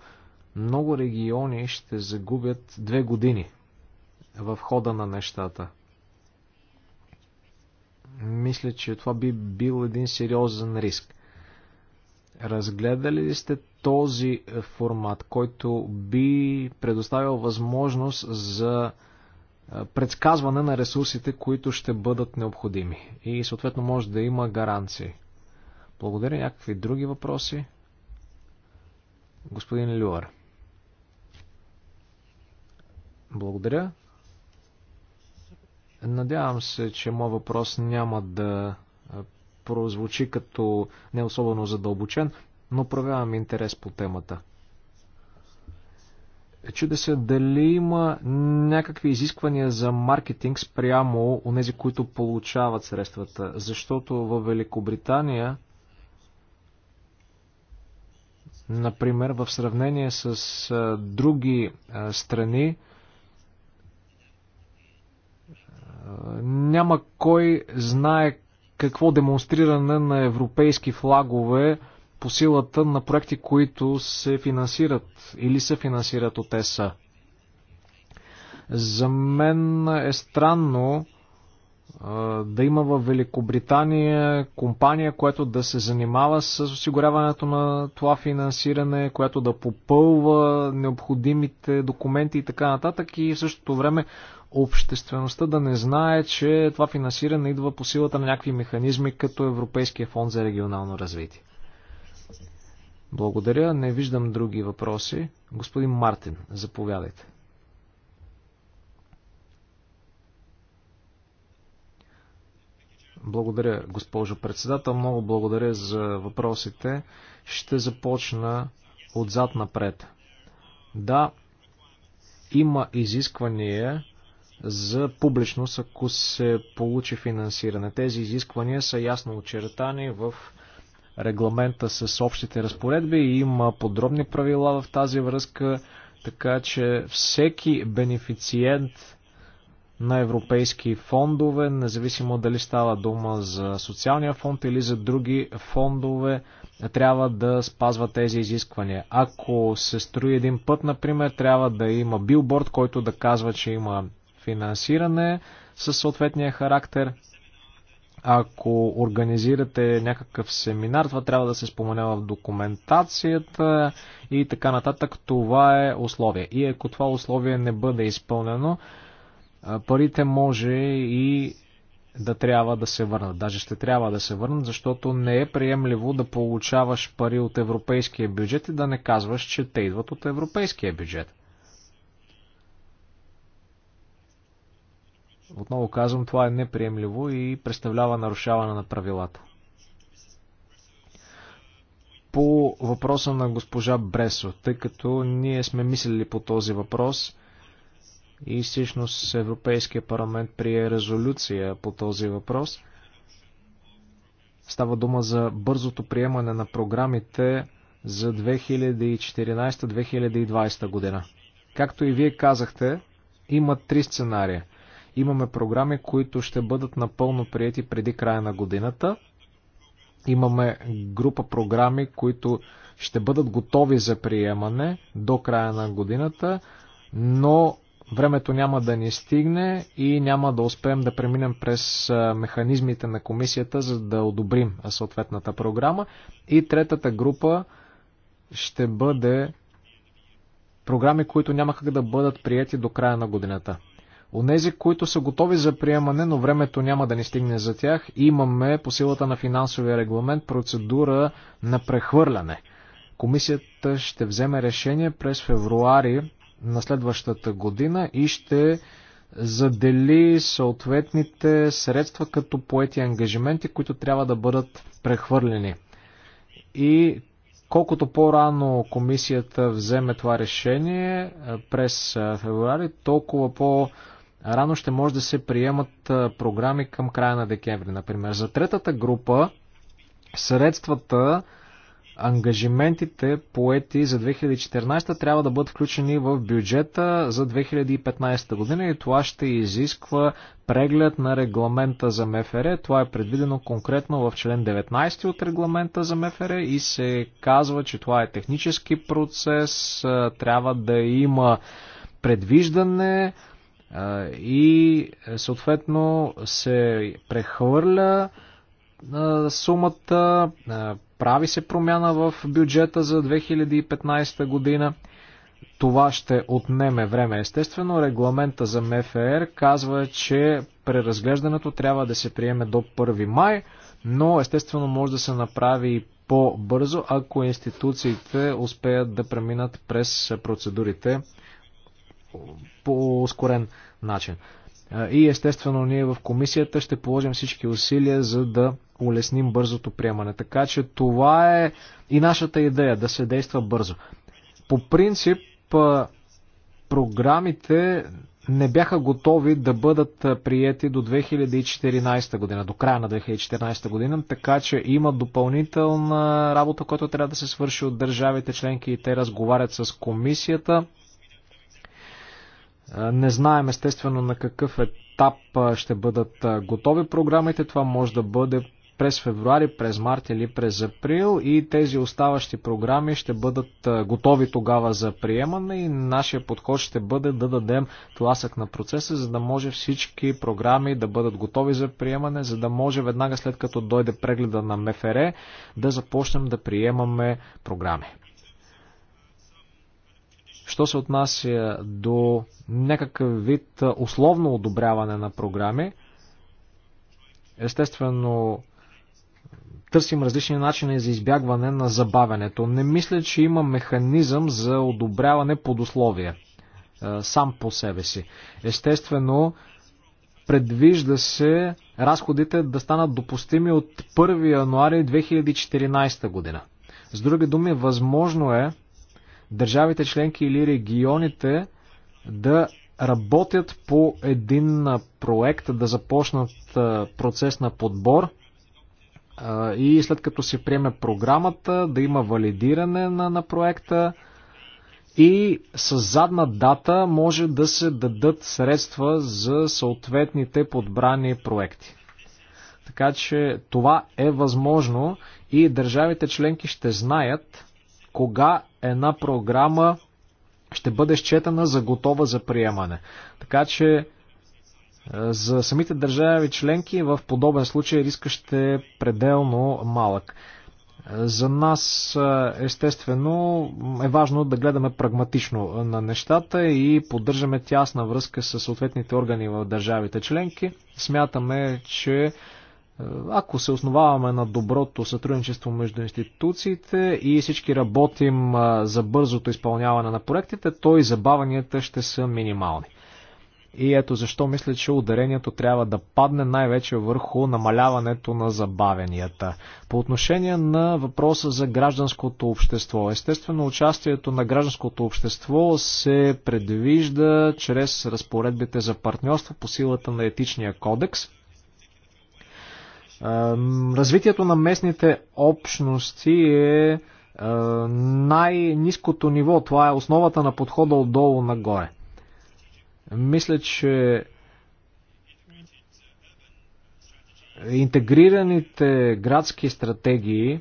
много региони ще загубят две години в хода на нещата. Мисля, че това би бил един сериозен риск. Разгледали ли сте този е, формат, който би предоставил възможност за е, предсказване на ресурсите, които ще бъдат необходими. И съответно може да има гаранции. Благодаря. Някакви други въпроси? Господин Люар. Благодаря. Надявам се, че моят въпрос няма да е, прозвучи като не особено задълбочен но проявявам интерес по темата. Е, чуде се дали има някакви изисквания за маркетинг спрямо у нези, които получават средствата. Защото в Великобритания, например, в сравнение с други страни, няма кой знае какво демонстриране на европейски флагове по силата на проекти, които се финансират или се финансират от ЕСА. За мен е странно да има в Великобритания компания, която да се занимава с осигуряването на това финансиране, която да попълва необходимите документи и така нататък и в същото време обществеността да не знае, че това финансиране идва по силата на някакви механизми, като Европейския фонд за регионално развитие. Благодаря. Не виждам други въпроси. Господин Мартин, заповядайте. Благодаря, госпожо председател. Много благодаря за въпросите. Ще започна отзад напред. Да, има изисквания за публичност, ако се получи финансиране. Тези изисквания са ясно очертани в регламента с общите разпоредби и има подробни правила в тази връзка, така че всеки бенефициент на европейски фондове, независимо дали става дума за социалния фонд или за други фондове, трябва да спазва тези изисквания. Ако се строи един път, например, трябва да има билборд, който да казва, че има финансиране със съответния характер. Ако организирате някакъв семинар, това трябва да се споменава в документацията и така нататък. Това е условие. И ако това условие не бъде изпълнено, парите може и да трябва да се върнат. Даже ще трябва да се върнат, защото не е приемливо да получаваш пари от европейския бюджет и да не казваш, че те идват от европейския бюджет. Отново казвам, това е неприемливо и представлява нарушаване на правилата. По въпроса на госпожа Бресо, тъй като ние сме мислили по този въпрос и всъщност Европейския парламент прие резолюция по този въпрос, става дума за бързото приемане на програмите за 2014-2020 година. Както и вие казахте, има три сценария – Имаме програми, които ще бъдат напълно прияти преди края на годината. Имаме група програми, които ще бъдат готови за приемане до края на годината, но времето няма да ни стигне и няма да успеем да преминем през механизмите на комисията, за да одобрим съответната програма. И третата група ще бъде програми, които няма как да бъдат прияти до края на годината. Онези, които са готови за приемане, но времето няма да ни стигне за тях, имаме по силата на финансовия регламент процедура на прехвърляне. Комисията ще вземе решение през февруари на следващата година и ще задели съответните средства като поети ангажименти, които трябва да бъдат прехвърлени. И колкото по-рано комисията вземе това решение през февруари, толкова по- рано ще може да се приемат програми към края на декември, например. За третата група, средствата, ангажиментите поети за 2014 трябва да бъдат включени в бюджета за 2015 година и това ще изисква преглед на регламента за МФР. Това е предвидено конкретно в член 19 от регламента за МФР и се казва, че това е технически процес, трябва да има предвиждане, и е, съответно се прехвърля сумата, прави се промяна в бюджета за 2015 година. Това ще отнеме време. Естествено, регламента за МФР казва, че преразглеждането трябва да се приеме до 1 май, но естествено може да се направи и по-бързо, ако институциите успеят да преминат през процедурите по ускорен начин. И естествено ние в комисията ще положим всички усилия, за да улесним бързото приемане. Така че това е и нашата идея, да се действа бързо. По принцип, програмите не бяха готови да бъдат приети до 2014 година, до края на 2014 година, така че има допълнителна работа, която трябва да се свърши от държавите членки и те разговарят с комисията не знаем естествено на какъв етап ще бъдат готови програмите. Това може да бъде през февруари, през март или през април и тези оставащи програми ще бъдат готови тогава за приемане и нашия подход ще бъде да дадем тласък на процеса, за да може всички програми да бъдат готови за приемане, за да може веднага след като дойде прегледа на МФР да започнем да приемаме програми. Що се отнася до някакъв вид условно одобряване на програми, естествено търсим различни начини за избягване на забавянето. Не мисля, че има механизъм за одобряване под условия сам по себе си. Естествено, предвижда се разходите да станат допустими от 1 януари 2014 година. С други думи, възможно е държавите членки или регионите да работят по един проект, да започнат процес на подбор и след като се приеме програмата, да има валидиране на, на проекта и с задна дата може да се дадат средства за съответните подбрани проекти. Така че това е възможно и държавите членки ще знаят кога една програма ще бъде счетена за готова за приемане. Така че е, за самите държави членки в подобен случай риска ще е пределно малък. Е, за нас, е, естествено, е важно да гледаме прагматично на нещата и поддържаме тясна връзка с съответните органи в държавите членки. Смятаме, че ако се основаваме на доброто сътрудничество между институциите и всички работим за бързото изпълняване на проектите, то и забаванията ще са минимални. И ето защо мисля, че ударението трябва да падне най-вече върху намаляването на забавенията. По отношение на въпроса за гражданското общество. Естествено, участието на гражданското общество се предвижда чрез разпоредбите за партньорство по силата на етичния кодекс – Развитието на местните общности е най-низкото ниво. Това е основата на подхода отдолу нагоре. Мисля, че интегрираните градски стратегии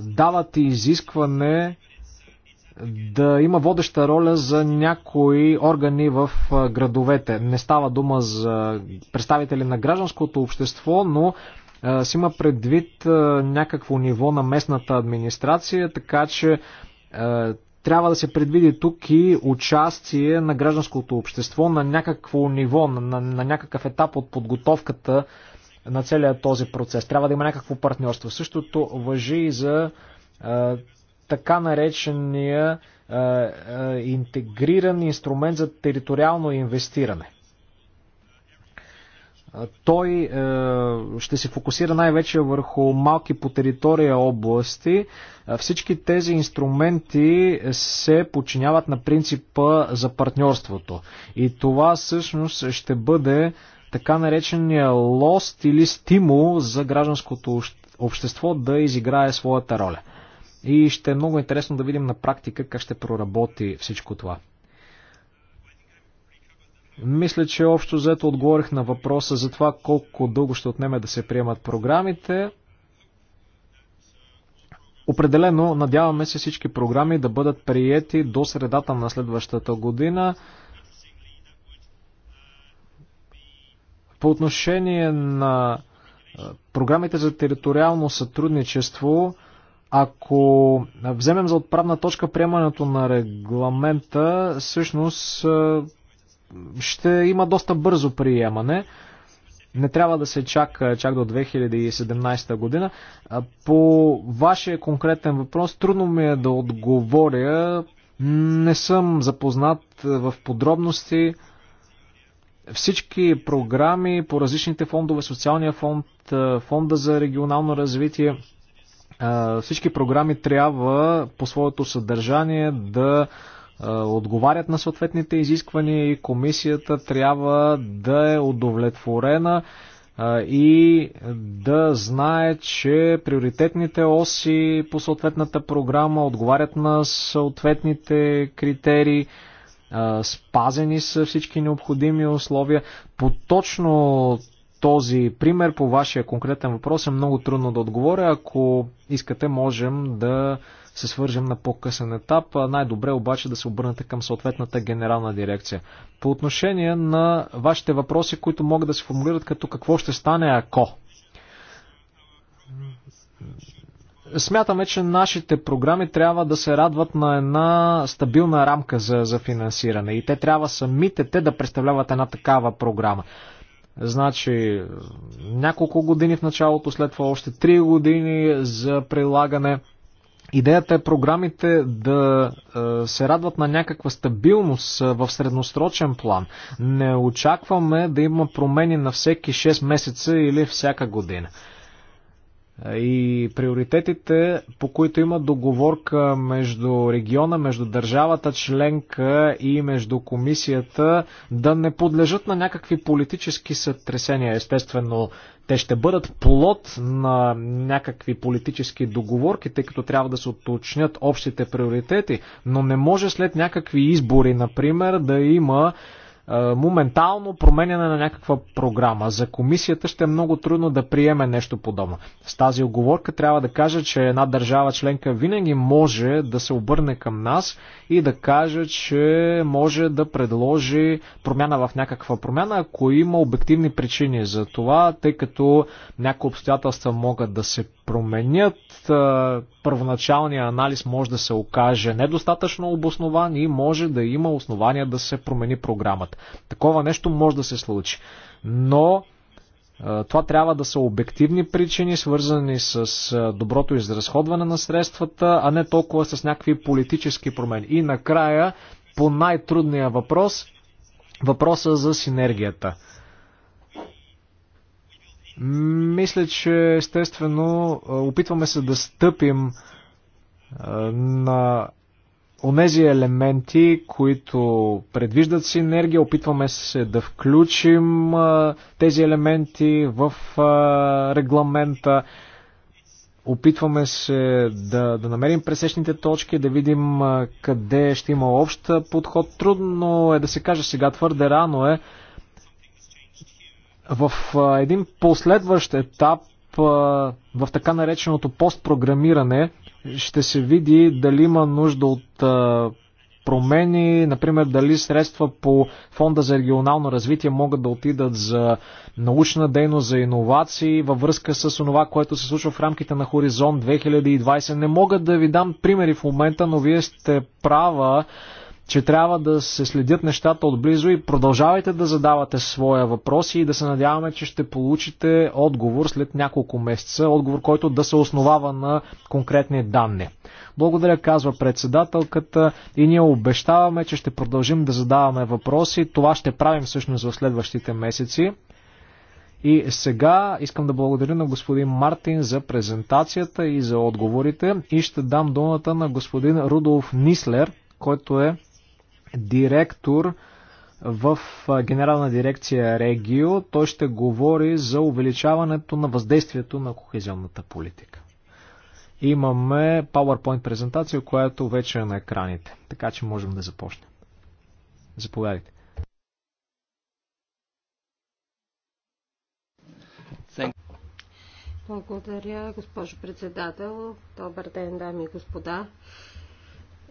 дават изискване да има водеща роля за някои органи в градовете. Не става дума за представители на гражданското общество, но си има предвид някакво ниво на местната администрация, така че трябва да се предвиди тук и участие на гражданското общество на някакво ниво, на, на някакъв етап от подготовката на целият този процес. Трябва да има някакво партньорство. Същото въжи и за така наречения а, е, а, е, интегриран инструмент за териториално инвестиране. Той е, ще се фокусира най-вече върху малки по територия области. Всички тези инструменти се подчиняват на принципа за партньорството. И това всъщност ще бъде така наречения лост или стимул за гражданското общество да изиграе своята роля. И ще е много интересно да видим на практика как ще проработи всичко това. Мисля, че общо взето отговорих на въпроса за това колко дълго ще отнеме да се приемат програмите. Определено надяваме се всички програми да бъдат приети до средата на следващата година. По отношение на програмите за териториално сътрудничество, ако вземем за отправна точка приемането на регламента, всъщност ще има доста бързо приемане. Не трябва да се чака чак до 2017 година. По вашия конкретен въпрос трудно ми е да отговоря. Не съм запознат в подробности. Всички програми по различните фондове, социалния фонд, фонда за регионално развитие, всички програми трябва по своето съдържание да отговарят на съответните изисквания и комисията трябва да е удовлетворена и да знае, че приоритетните оси по съответната програма отговарят на съответните критерии, спазени са всички необходими условия. По точно този пример по вашия конкретен въпрос е много трудно да отговоря. Ако искате, можем да се свържем на по-късен етап. Най-добре е обаче да се обърнете към съответната генерална дирекция. По отношение на вашите въпроси, които могат да се формулират като какво ще стане ако. Смятаме, че нашите програми трябва да се радват на една стабилна рамка за, за финансиране и те трябва самите те да представляват една такава програма. Значи няколко години в началото, след това още 3 години за прилагане. Идеята е програмите да е, се радват на някаква стабилност е, в средносрочен план. Не очакваме да има промени на всеки 6 месеца или всяка година и приоритетите, по които има договорка между региона, между държавата членка и между комисията, да не подлежат на някакви политически сътресения. Естествено, те ще бъдат плод на някакви политически договорки, тъй като трябва да се уточнят общите приоритети, но не може след някакви избори, например, да има моментално променяне на някаква програма. За комисията ще е много трудно да приеме нещо подобно. С тази оговорка трябва да кажа, че една държава членка винаги може да се обърне към нас и да каже, че може да предложи промяна в някаква промяна, ако има обективни причини за това, тъй като някои обстоятелства могат да се променят, първоначалният анализ може да се окаже недостатъчно обоснован и може да има основания да се промени програмата. Такова нещо може да се случи. Но това трябва да са обективни причини, свързани с доброто изразходване на средствата, а не толкова с някакви политически промени. И накрая, по най-трудния въпрос, въпроса за синергията. Мисля, че естествено опитваме се да стъпим на онези елементи, които предвиждат синергия, опитваме се да включим тези елементи в регламента, опитваме се да, да намерим пресечните точки, да видим къде ще има общ подход. Трудно е да се каже сега, твърде рано е, в един последващ етап в така нареченото постпрограмиране ще се види дали има нужда от промени, например дали средства по фонда за регионално развитие могат да отидат за научна дейност, за иновации във връзка с това, което се случва в рамките на Хоризонт 2020. Не мога да ви дам примери в момента, но вие сте права че трябва да се следят нещата отблизо и продължавайте да задавате своя въпрос и да се надяваме, че ще получите отговор след няколко месеца, отговор, който да се основава на конкретни данни. Благодаря, казва председателката и ние обещаваме, че ще продължим да задаваме въпроси. Това ще правим всъщност в следващите месеци. И сега искам да благодаря на господин Мартин за презентацията и за отговорите и ще дам думата на господин Рудолф Нислер, който е директор в Генерална дирекция Регио. Той ще говори за увеличаването на въздействието на кохезионната политика. Имаме PowerPoint презентация, която вече е на екраните, така че можем да започнем. Заповядайте. Благодаря, госпожо председател. Добър ден, дами и господа.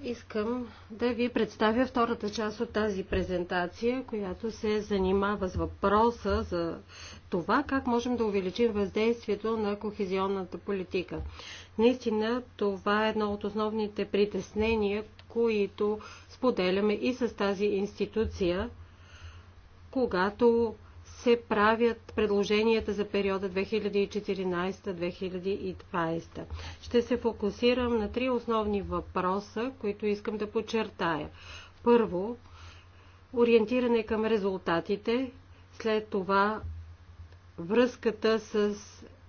Искам да ви представя втората част от тази презентация, която се занимава с въпроса за това как можем да увеличим въздействието на кохезионната политика. Наистина, това е едно от основните притеснения, които споделяме и с тази институция, когато се правят предложенията за периода 2014-2020. Ще се фокусирам на три основни въпроса, които искам да подчертая. Първо, ориентиране към резултатите, след това връзката с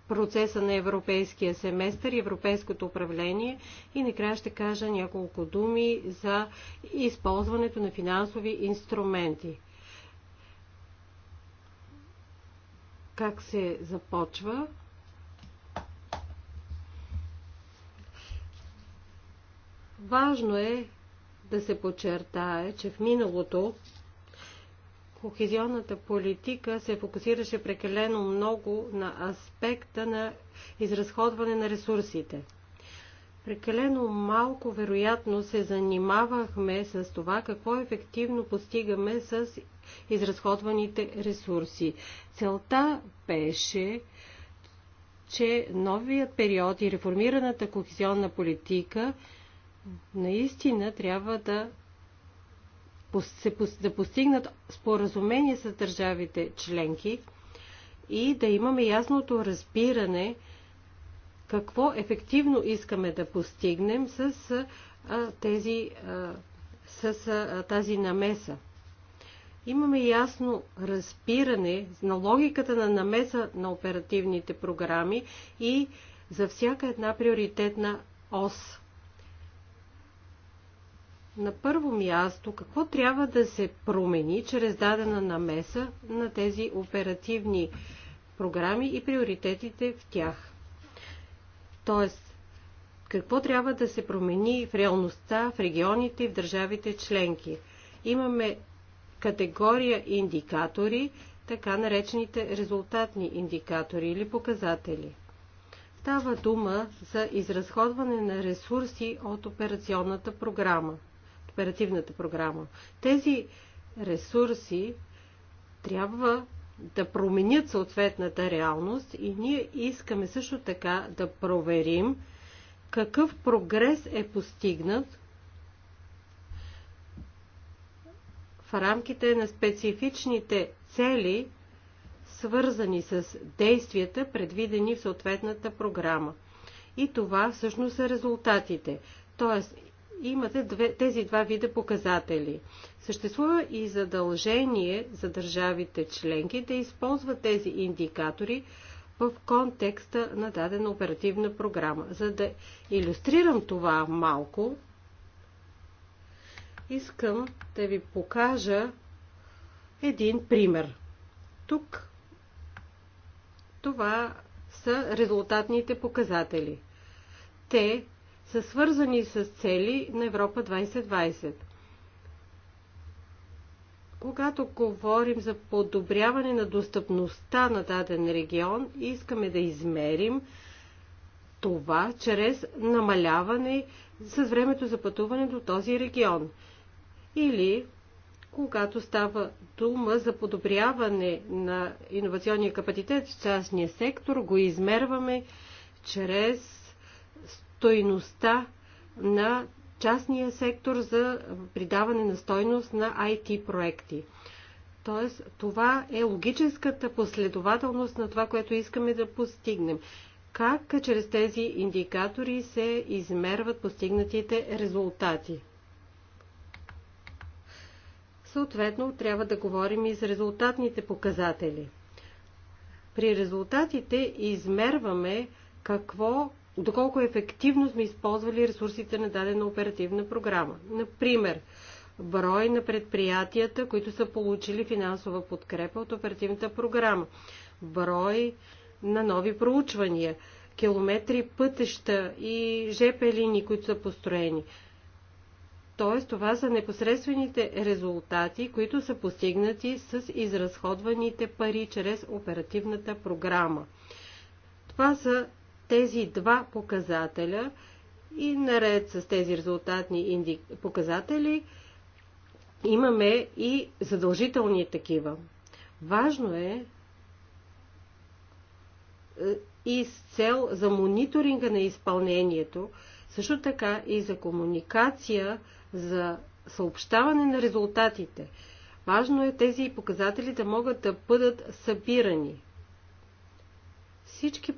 процеса на европейския семестър и европейското управление и накрая ще кажа няколко думи за използването на финансови инструменти. как се започва. Важно е да се подчертае, че в миналото кохезионната политика се фокусираше прекалено много на аспекта на изразходване на ресурсите. Прекалено малко вероятно се занимавахме с това какво ефективно постигаме с изразходваните ресурси. Целта беше, че новият период и реформираната кохезионна политика наистина трябва да да постигнат споразумение с държавите членки и да имаме ясното разбиране какво ефективно искаме да постигнем с, а, тези, а, с а, тази намеса имаме ясно разбиране на логиката на намеса на оперативните програми и за всяка една приоритетна ос. На първо място, какво трябва да се промени чрез дадена намеса на тези оперативни програми и приоритетите в тях? Тоест, какво трябва да се промени в реалността, в регионите и в държавите членки? Имаме категория индикатори, така наречените резултатни индикатори или показатели. Става дума за изразходване на ресурси от операционната програма, оперативната програма. Тези ресурси трябва да променят съответната реалност и ние искаме също така да проверим какъв прогрес е постигнат в рамките на специфичните цели, свързани с действията, предвидени в съответната програма. И това всъщност са резултатите. Тоест, имате две, тези два вида показатели. Съществува и задължение за държавите членки да използват тези индикатори в контекста на дадена оперативна програма. За да иллюстрирам това малко, Искам да ви покажа един пример. Тук това са резултатните показатели. Те са свързани с цели на Европа 2020. Когато говорим за подобряване на достъпността на даден регион, искаме да измерим това чрез намаляване с времето за пътуване до този регион или когато става дума за подобряване на иновационния капацитет в частния сектор, го измерваме чрез стойността на частния сектор за придаване на стойност на IT проекти. Тоест, това е логическата последователност на това, което искаме да постигнем. Как чрез тези индикатори се измерват постигнатите резултати? Съответно, трябва да говорим и за резултатните показатели. При резултатите измерваме какво, доколко ефективно сме използвали ресурсите на дадена оперативна програма. Например, брой на предприятията, които са получили финансова подкрепа от оперативната програма, брой на нови проучвания, километри пътеща и ЖП линии, които са построени. Т.е. това са непосредствените резултати, които са постигнати с изразходваните пари чрез оперативната програма. Това са тези два показателя и наред с тези резултатни показатели имаме и задължителни такива. Важно е, е и с цел за мониторинга на изпълнението, също така и за комуникация за съобщаване на резултатите. Важно е тези показатели да могат да бъдат събирани. Всички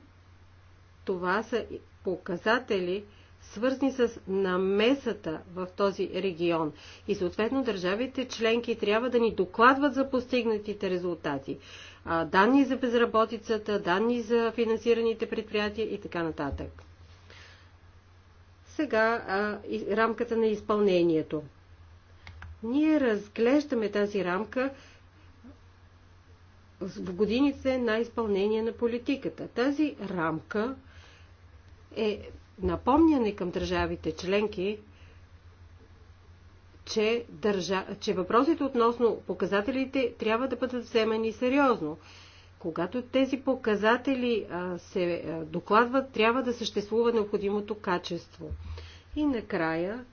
това са показатели, свързани с намесата в този регион. И съответно държавите членки трябва да ни докладват за постигнатите резултати. Данни за безработицата, данни за финансираните предприятия и така нататък. Сега а, и, рамката на изпълнението. Ние разглеждаме тази рамка в годините на изпълнение на политиката. Тази рамка е напомняне към държавите членки, че, държа... че въпросите относно показателите трябва да бъдат вземани сериозно. Когато тези показатели се докладват, трябва да съществува необходимото качество. И накрая,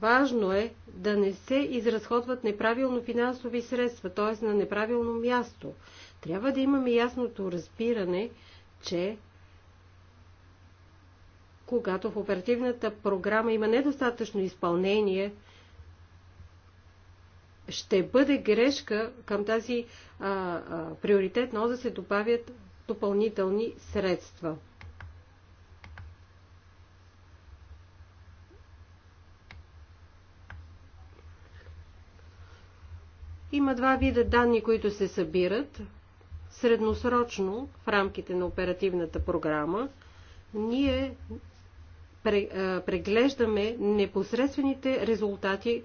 важно е да не се изразходват неправилно финансови средства, т.е. на неправилно място. Трябва да имаме ясното разбиране, че когато в оперативната програма има недостатъчно изпълнение, ще бъде грешка към тази а, а, приоритетно да се добавят допълнителни средства. Има два вида данни, които се събират. Средносрочно, в рамките на оперативната програма, ние преглеждаме непосредствените резултати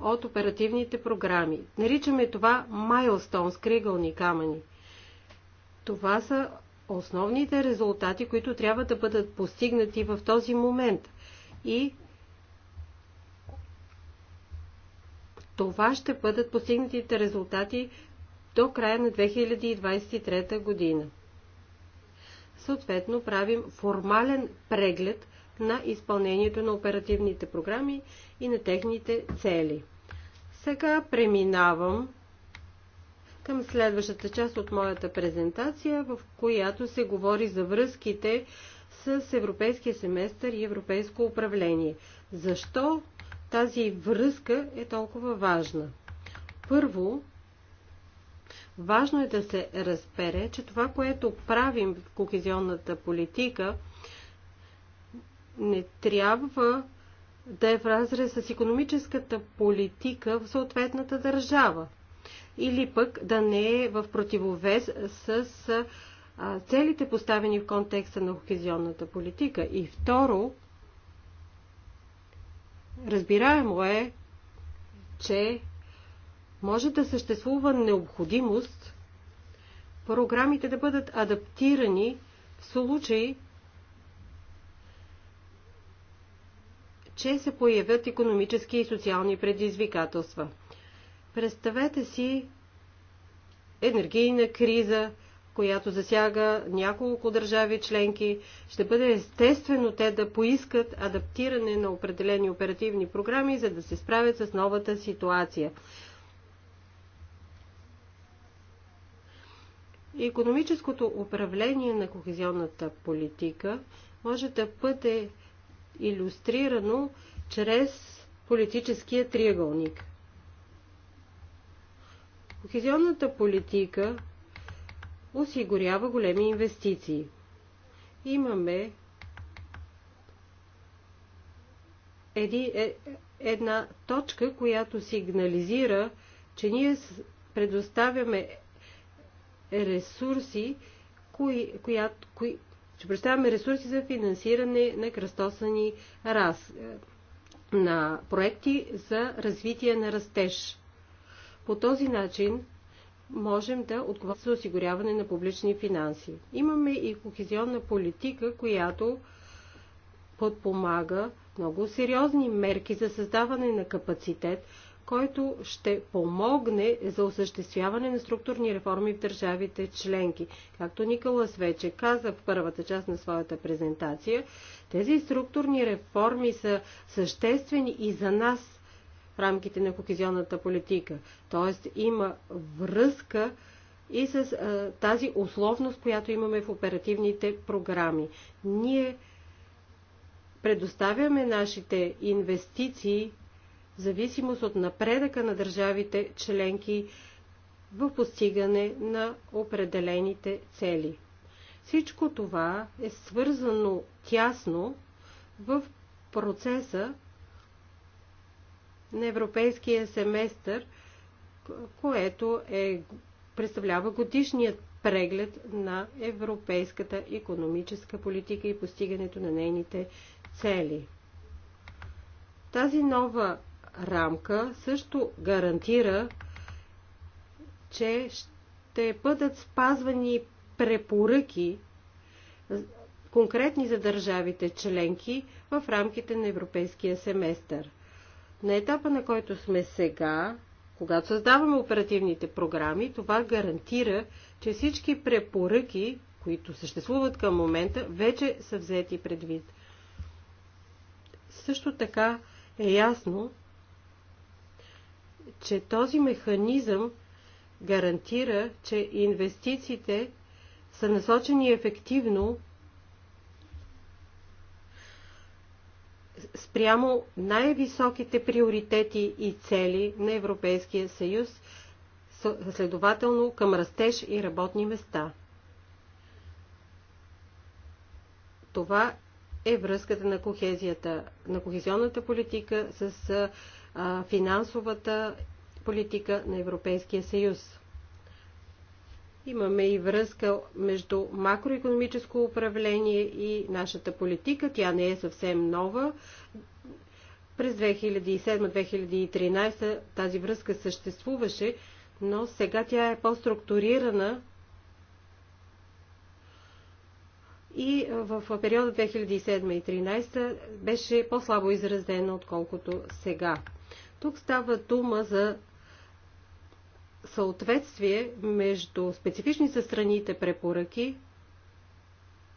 от оперативните програми. Наричаме това с кригълни камъни. Това са основните резултати, които трябва да бъдат постигнати в този момент. И това ще бъдат постигнатите резултати до края на 2023 година. Съответно, правим формален преглед на изпълнението на оперативните програми и на техните цели. Сега преминавам към следващата част от моята презентация, в която се говори за връзките с Европейския семестър и Европейско управление. Защо тази връзка е толкова важна? Първо, важно е да се разбере, че това, което правим в кохезионната политика – не трябва да е в разрез с економическата политика в съответната държава. Или пък да не е в противовес с целите поставени в контекста на кохезионната политика. И второ, разбираемо е, че може да съществува необходимост програмите да бъдат адаптирани в случай, че се появят економически и социални предизвикателства. Представете си енергийна криза, която засяга няколко държави членки, ще бъде естествено те да поискат адаптиране на определени оперативни програми, за да се справят с новата ситуация. Економическото управление на кохезионната политика може да бъде иллюстрирано чрез политическия триъгълник. Кохезионната политика осигурява големи инвестиции. Имаме еди, е, една точка, която сигнализира, че ние предоставяме ресурси, кои, коя, кои, че представяме ресурси за финансиране на кръстосани раз, е, на проекти за развитие на растеж. По този начин можем да отговорим за осигуряване на публични финанси. Имаме и кохезионна политика, която подпомага много сериозни мерки за създаване на капацитет който ще помогне за осъществяване на структурни реформи в държавите членки. Както Николас вече каза в първата част на своята презентация, тези структурни реформи са съществени и за нас в рамките на кохезионната политика. Тоест има връзка и с а, тази условност, която имаме в оперативните програми. Ние предоставяме нашите инвестиции в зависимост от напредъка на държавите членки в постигане на определените цели. Всичко това е свързано тясно в процеса на европейския семестър, което е, представлява годишният преглед на европейската економическа политика и постигането на нейните цели. Тази нова рамка също гарантира, че ще бъдат спазвани препоръки конкретни за държавите членки в рамките на европейския семестър. На етапа, на който сме сега, когато създаваме оперативните програми, това гарантира, че всички препоръки, които съществуват към момента, вече са взети предвид. Също така е ясно, че този механизъм гарантира, че инвестициите са насочени ефективно спрямо най-високите приоритети и цели на Европейския съюз, следователно към растеж и работни места. Това е връзката на кохезията, на кохезионната политика с финансовата политика на Европейския съюз. Имаме и връзка между макроекономическо управление и нашата политика. Тя не е съвсем нова. През 2007-2013 тази връзка съществуваше, но сега тя е по-структурирана и в периода 2007-2013 беше по-слабо изразена, отколкото сега. Тук става дума за съответствие между специфични за страните препоръки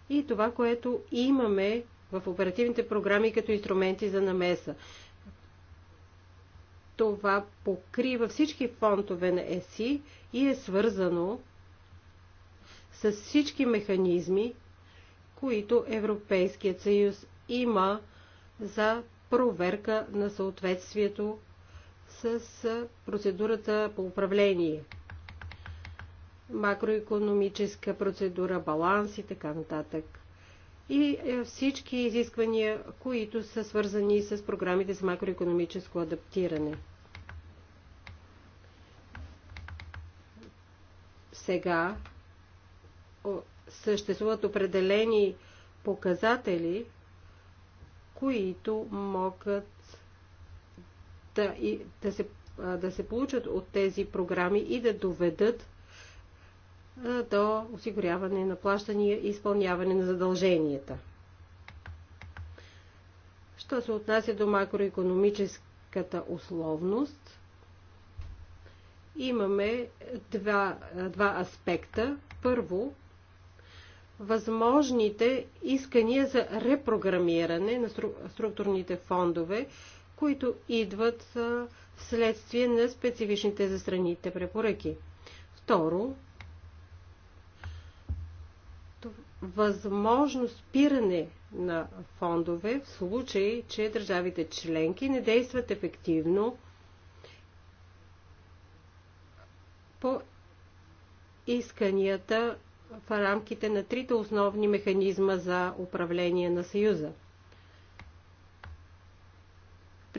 и това, което имаме в оперативните програми като инструменти за намеса. Това покрива всички фонтове на ЕСИ и е свързано с всички механизми, които Европейският съюз има за проверка на съответствието с процедурата по управление. Макроекономическа процедура, баланс и така нататък. И е, всички изисквания, които са свързани с програмите за макроекономическо адаптиране. Сега съществуват определени показатели, които могат да, и, да, се, да се получат от тези програми и да доведат до осигуряване на плащания и изпълняване на задълженията. Що се отнася до макроекономическата условност, имаме два, два аспекта. Първо, възможните искания за репрограмиране на структурните фондове които идват вследствие на специфичните за страните препоръки. Второ, възможно спиране на фондове в случай, че държавите членки не действат ефективно по исканията в рамките на трите основни механизма за управление на Съюза –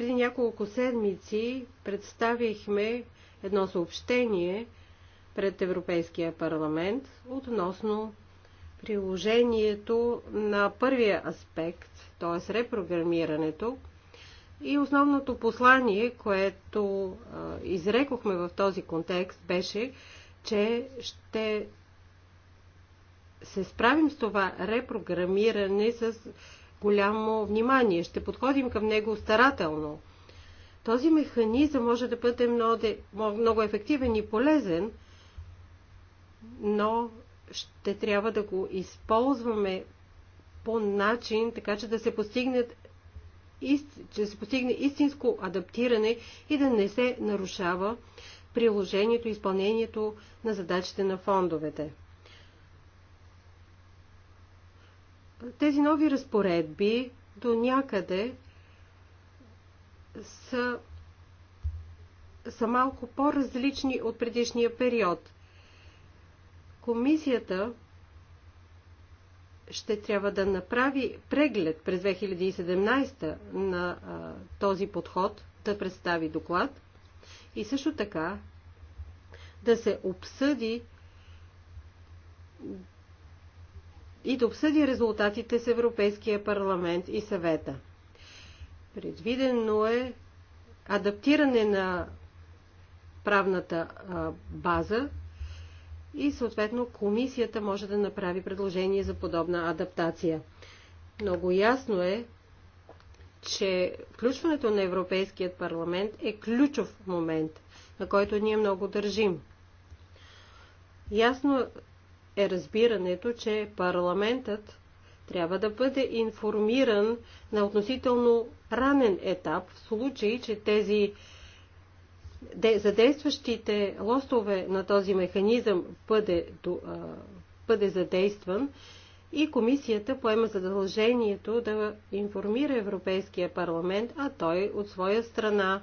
преди няколко седмици представихме едно съобщение пред Европейския парламент относно приложението на първия аспект, т.е. репрограмирането. И основното послание, което изрекохме в този контекст, беше, че ще се справим с това репрограмиране с голямо внимание. Ще подходим към него старателно. Този механизъм може да бъде много, много ефективен и полезен, но ще трябва да го използваме по начин, така че да се постигнат че се постигне истинско адаптиране и да не се нарушава приложението и изпълнението на задачите на фондовете. Тези нови разпоредби до някъде са, са малко по-различни от предишния период. Комисията ще трябва да направи преглед през 2017 на а, този подход, да представи доклад и също така да се обсъди и да обсъди резултатите с Европейския парламент и съвета. Предвидено е адаптиране на правната база и съответно комисията може да направи предложение за подобна адаптация. Много ясно е, че включването на Европейският парламент е ключов момент, на който ние много държим. Ясно е разбирането, че парламентът трябва да бъде информиран на относително ранен етап в случай, че тези задействащите лостове на този механизъм бъде, бъде задействан и комисията поема задължението да информира Европейския парламент, а той от своя страна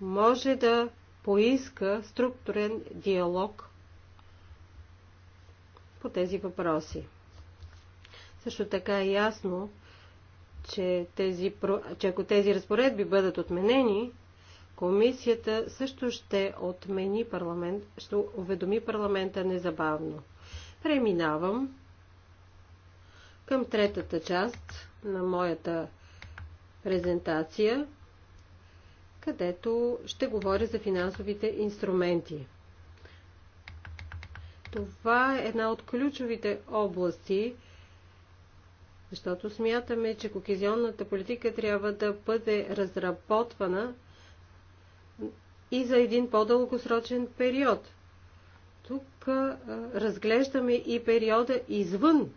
може да поиска структурен диалог по тези въпроси. Също така е ясно, че, тези, че ако тези разпоредби бъдат отменени, комисията също ще отмени парламент, ще уведоми парламента незабавно. Преминавам към третата част на моята презентация, където ще говоря за финансовите инструменти. Това е една от ключовите области, защото смятаме, че кохезионната политика трябва да бъде разработвана и за един по-дългосрочен период. Тук разглеждаме и периода извън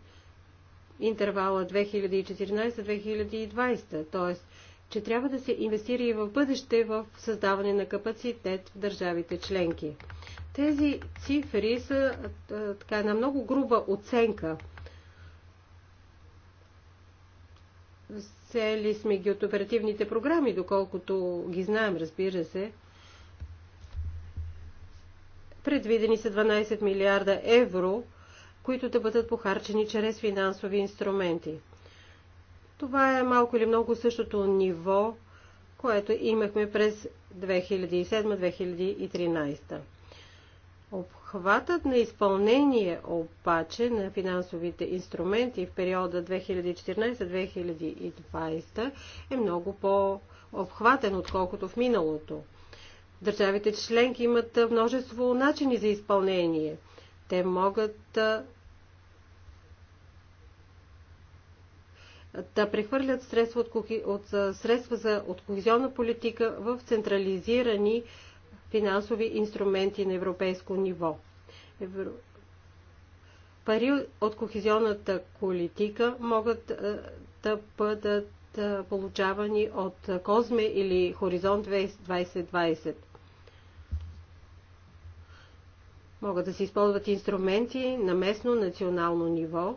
интервала 2014-2020, т.е. че трябва да се инвестира и в бъдеще в създаване на капацитет в държавите членки. Тези цифри са така, една много груба оценка. Сели сме ги от оперативните програми, доколкото ги знаем, разбира се. Предвидени са 12 милиарда евро, които да бъдат похарчени чрез финансови инструменти. Това е малко или много същото ниво, което имахме през 2007-2013. Обхватът на изпълнение обаче на финансовите инструменти в периода 2014-2020 е много по-обхватен, отколкото в миналото. Държавите членки имат множество начини за изпълнение. Те могат да, прехвърлят средства от, от, средства за, от кохезионна политика в централизирани финансови инструменти на европейско ниво. Евро... Пари от кохезионната политика могат да бъдат получавани от Козме или Хоризонт 2020. Могат да се използват инструменти на местно, национално ниво,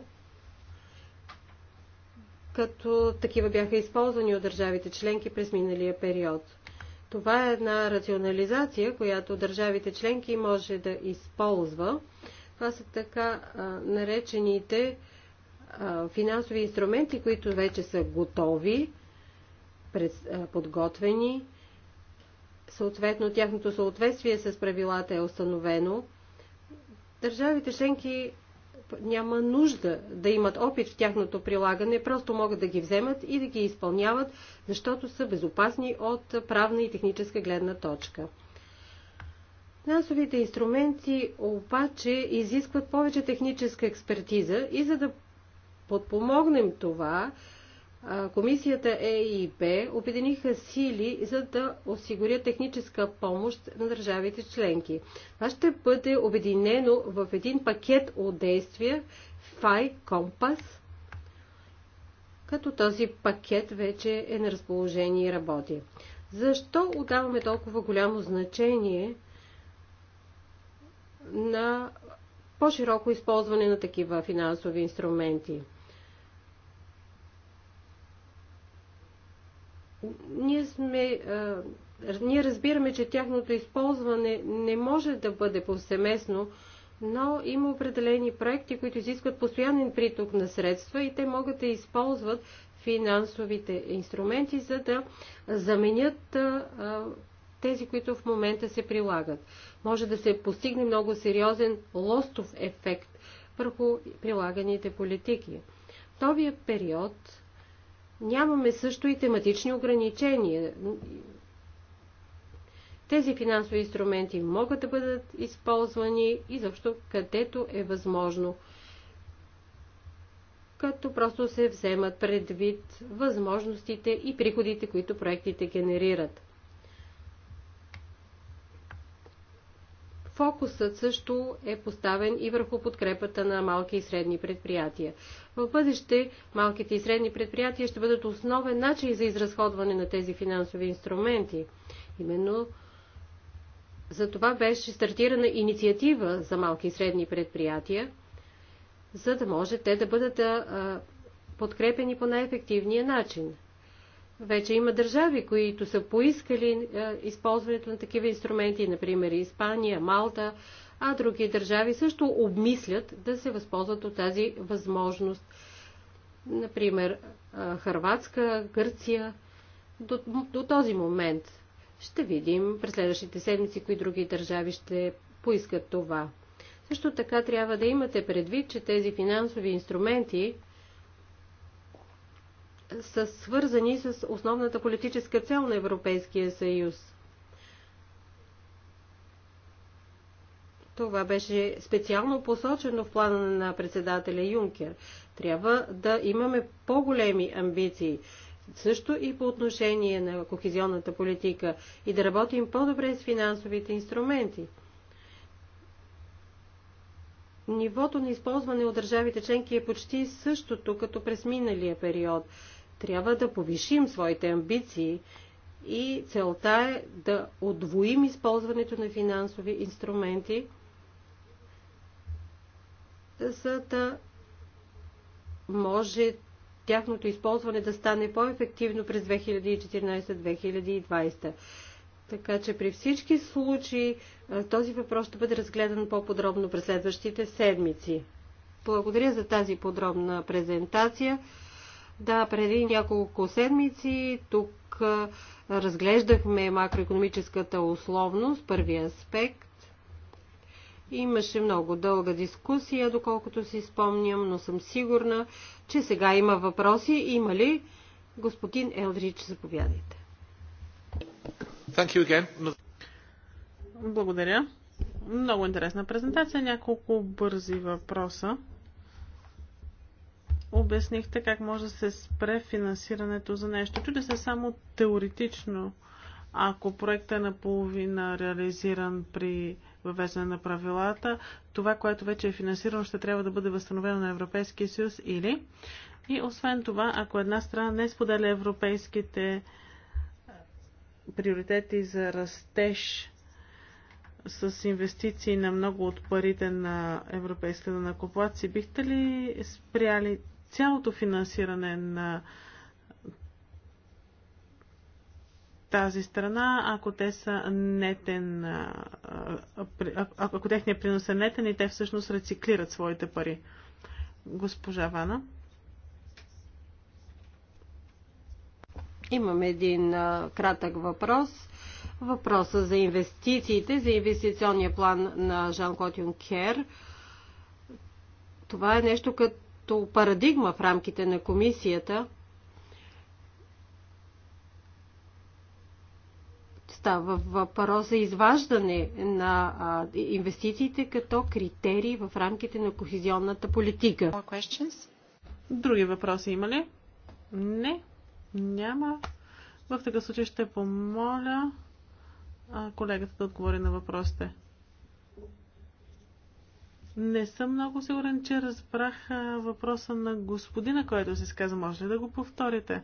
като такива бяха използвани от държавите членки през миналия период. Това е една рационализация, която държавите членки може да използва. Това са така а, наречените а, финансови инструменти, които вече са готови, пред, а, подготвени. Съответно, тяхното съответствие с правилата е установено. Държавите членки няма нужда да имат опит в тяхното прилагане, просто могат да ги вземат и да ги изпълняват, защото са безопасни от правна и техническа гледна точка. Финансовите инструменти обаче изискват повече техническа експертиза и за да подпомогнем това, Комисията ЕИП обединиха сили, за да осигурят техническа помощ на държавите членки. Това ще бъде обединено в един пакет от действия FI Compass, като този пакет вече е на разположение и работи. Защо отдаваме толкова голямо значение на по-широко използване на такива финансови инструменти? ние сме. Ние разбираме, че тяхното използване не може да бъде повсеместно, но има определени проекти, които изискват постоянен приток на средства и те могат да използват финансовите инструменти, за да заменят тези, които в момента се прилагат. Може да се постигне много сериозен лостов ефект върху прилаганите политики. В новия период Нямаме също и тематични ограничения. Тези финансови инструменти могат да бъдат използвани и защо където е възможно, като просто се вземат предвид възможностите и приходите, които проектите генерират. фокусът също е поставен и върху подкрепата на малки и средни предприятия. В бъдеще малките и средни предприятия ще бъдат основен начин за изразходване на тези финансови инструменти. Именно за това беше стартирана инициатива за малки и средни предприятия, за да може те да бъдат подкрепени по най-ефективния начин. Вече има държави, които са поискали е, използването на такива инструменти, например Испания, Малта, а други държави също обмислят да се възползват от тази възможност. Например, е, Харватска, Гърция. До, до този момент ще видим през следващите седмици, кои други държави ще поискат това. Също така трябва да имате предвид, че тези финансови инструменти са свързани с основната политическа цел на Европейския съюз. Това беше специално посочено в плана на председателя Юнкер. Трябва да имаме по-големи амбиции, също и по отношение на кохезионната политика и да работим по-добре с финансовите инструменти. Нивото на използване от държавите членки е почти същото като през миналия период. Трябва да повишим своите амбиции и целта е да отвоим използването на финансови инструменти, за да може тяхното използване да стане по-ефективно през 2014-2020. Така че при всички случаи този въпрос ще бъде разгледан по-подробно през следващите седмици. Благодаря за тази подробна презентация. Да, преди няколко седмици тук разглеждахме макроекономическата условност, първи аспект. Имаше много дълга дискусия, доколкото си спомням, но съм сигурна, че сега има въпроси. Има ли? Господин Елдрич, заповядайте. Благодаря. Много интересна презентация. Няколко бързи въпроса обяснихте как може да се спре финансирането за нещо. Чуди се само теоретично, ако проектът е наполовина реализиран при въвеждане на правилата, това, което вече е финансирано, ще трябва да бъде възстановено на Европейския съюз или и освен това, ако една страна не споделя европейските приоритети за растеж с инвестиции на много от парите на европейските накоплаци, бихте ли спряли цялото финансиране на тази страна, ако те са нетен, ако техният принос е нетен и те всъщност рециклират своите пари. Госпожа Вана. Имам един а, кратък въпрос. Въпроса за инвестициите, за инвестиционния план на Жан Клод Юнкер. Това е нещо като като парадигма в рамките на комисията. Става въпрос за изваждане на инвестициите като критерии в рамките на кохезионната политика. Други въпроси има ли? Не, няма. В такъв случай ще помоля колегата да отговори на въпросите. Не съм много сигурен, че разбрах въпроса на господина, който се сказа. Може ли да го повторите?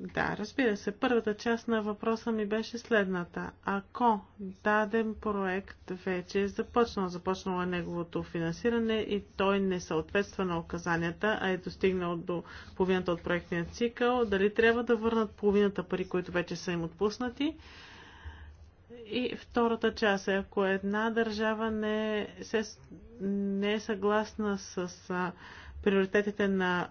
Да, разбира се. Първата част на въпроса ми беше следната. Ако даден проект вече е започнал, започнало е неговото финансиране и той не съответства на указанията, а е достигнал до половината от проектния цикъл, дали трябва да върнат половината пари, които вече са им отпуснати? И втората част е, ако една държава не, се, не е съгласна с а, приоритетите на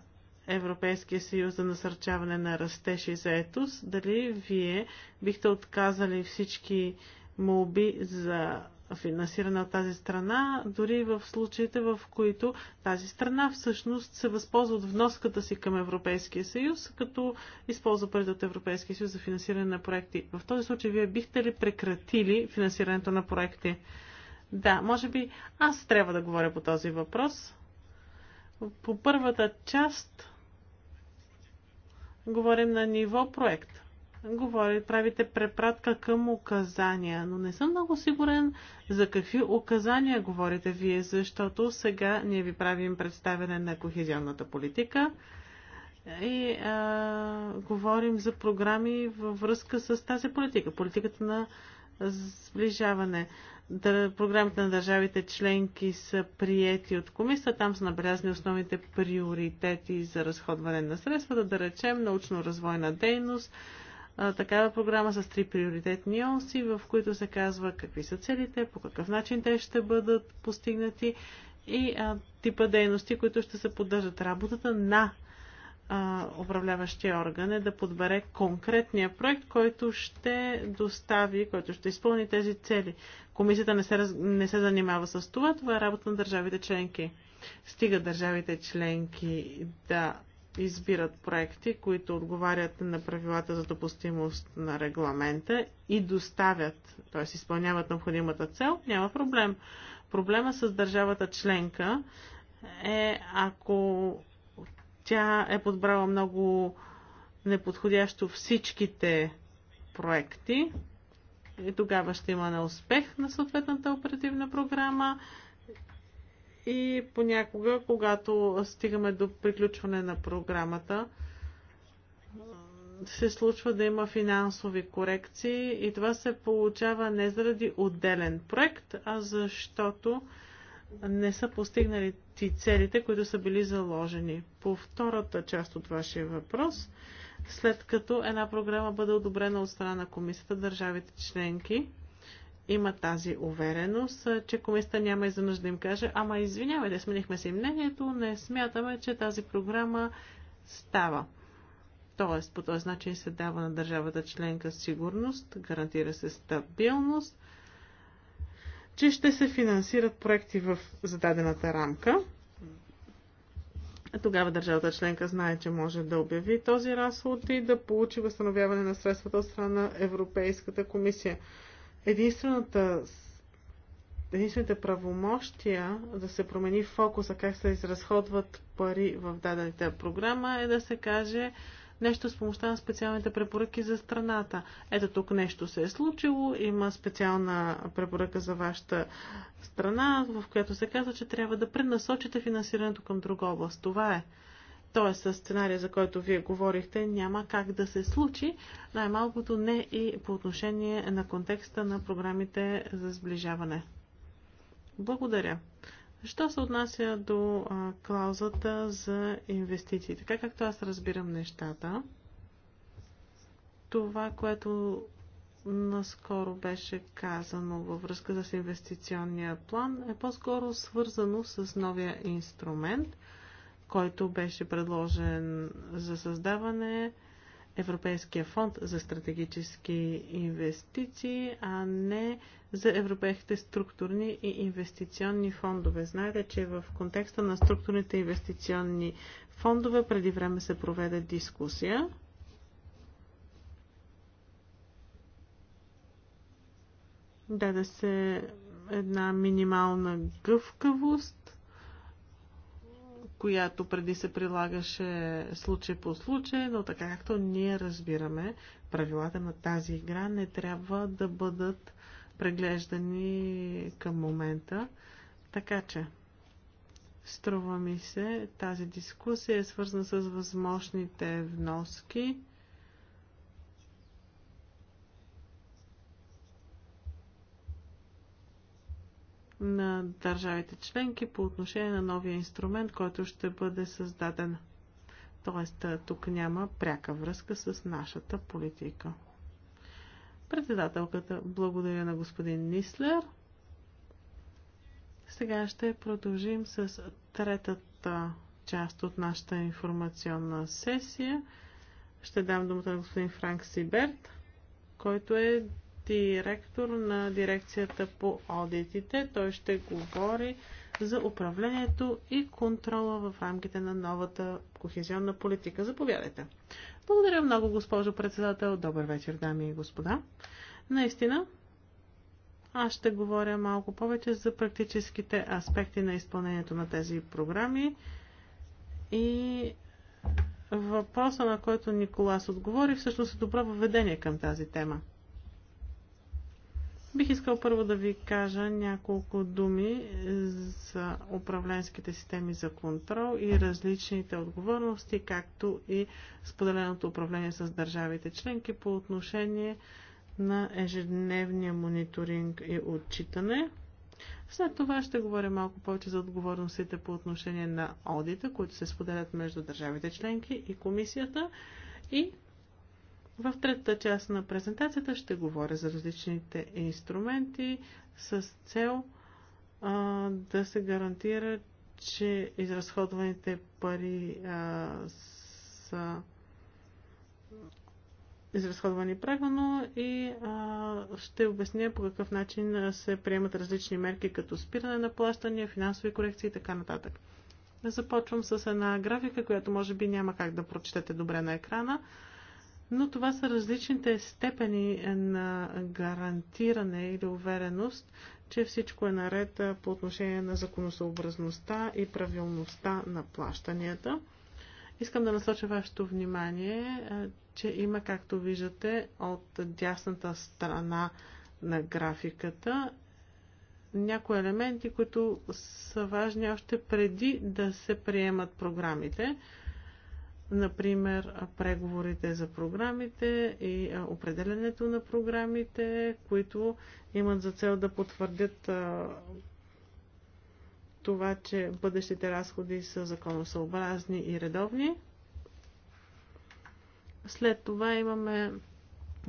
Европейския съюз за насърчаване на растеж и заетост, дали вие бихте отказали всички молби за финансирана от тази страна, дори в случаите, в които тази страна всъщност се възползва от вноската си към Европейския съюз, като използва парите от Европейския съюз за финансиране на проекти. В този случай вие бихте ли прекратили финансирането на проекти? Да, може би аз трябва да говоря по този въпрос. По първата част говорим на ниво проект говори, правите препратка към указания, но не съм много сигурен за какви указания говорите вие, защото сега ние ви правим представяне на кохезионната политика и а, говорим за програми във връзка с тази политика, политиката на сближаване. програмите на държавите членки са приети от комисията. Там са набелязани основните приоритети за разходване на средствата, да речем научно-развойна дейност, такава програма с три приоритетни оси, в които се казва какви са целите, по какъв начин те ще бъдат постигнати и а, типа дейности, които ще се поддържат. Работата на а, управляващия орган е да подбере конкретния проект, който ще достави, който ще изпълни тези цели. Комисията не се, не се занимава с това, това е работа на държавите членки. Стига държавите членки да избират проекти, които отговарят на правилата за допустимост на регламента и доставят, т.е. изпълняват необходимата цел, няма проблем. Проблема с държавата членка е ако тя е подбрала много неподходящо всичките проекти, и тогава ще има неуспех на съответната оперативна програма и понякога, когато стигаме до приключване на програмата, се случва да има финансови корекции и това се получава не заради отделен проект, а защото не са постигнали ти целите, които са били заложени. По втората част от вашия въпрос, след като една програма бъде одобрена от страна на комисията, държавите членки има тази увереност, че комисията няма и за нужда да им каже, ама извинявайте, сменихме си мнението, не смятаме, че тази програма става. Тоест, по този начин се дава на държавата членка сигурност, гарантира се стабилност, че ще се финансират проекти в зададената рамка. Тогава държавата членка знае, че може да обяви този разход и да получи възстановяване на средствата от страна на Европейската комисия единствената единствените правомощия да се промени фокуса как се изразходват пари в дадената програма е да се каже нещо с помощта на специалните препоръки за страната. Ето тук нещо се е случило, има специална препоръка за вашата страна, в която се казва, че трябва да пренасочите финансирането към друга област. Това е. Тоест, сценария, за който вие говорихте, няма как да се случи, най-малкото не и по отношение на контекста на програмите за сближаване. Благодаря. Що се отнася до а, клаузата за инвестиции? Така както аз разбирам нещата, това, което наскоро беше казано във връзка с инвестиционния план, е по-скоро свързано с новия инструмент – който беше предложен за създаване Европейския фонд за стратегически инвестиции, а не за европейските структурни и инвестиционни фондове. Знаете, че в контекста на структурните инвестиционни фондове преди време се проведе дискусия. Даде се една минимална гъвкавост която преди се прилагаше случай по случай, но така както ние разбираме, правилата на тази игра не трябва да бъдат преглеждани към момента. Така че, струва ми се, тази дискусия е свързана с възможните вноски на държавите членки по отношение на новия инструмент, който ще бъде създаден. Тоест, тук няма пряка връзка с нашата политика. Председателката благодаря на господин Нислер. Сега ще продължим с третата част от нашата информационна сесия. Ще дам думата на господин Франк Сиберт, който е директор на дирекцията по одитите. Той ще говори за управлението и контрола в рамките на новата кохезионна политика. Заповядайте. Благодаря много, госпожо председател. Добър вечер, дами и господа. Наистина, аз ще говоря малко повече за практическите аспекти на изпълнението на тези програми и въпроса, на който Николас отговори, всъщност е добро въведение към тази тема. Бих искал първо да ви кажа няколко думи за управленските системи за контрол и различните отговорности, както и споделеното управление с държавите членки по отношение на ежедневния мониторинг и отчитане. След това ще говоря малко повече за отговорностите по отношение на одита, които се споделят между държавите членки и комисията. И в третата част на презентацията ще говоря за различните инструменти с цел а, да се гарантира, че изразходваните пари а, са изразходвани правилно и а, ще обясня по какъв начин се приемат различни мерки, като спиране на плащания, финансови корекции и така нататък. Започвам с една графика, която може би няма как да прочетете добре на екрана. А, но това са различните степени на гарантиране или увереност, че всичко е наред по отношение на законосъобразността и правилността на плащанията. Искам да насоча вашето внимание, че има, както виждате, от дясната страна на графиката някои елементи, които са важни още преди да се приемат програмите. Например, преговорите за програмите и определенето на програмите, които имат за цел да потвърдят това, че бъдещите разходи са законосъобразни и редовни. След това имаме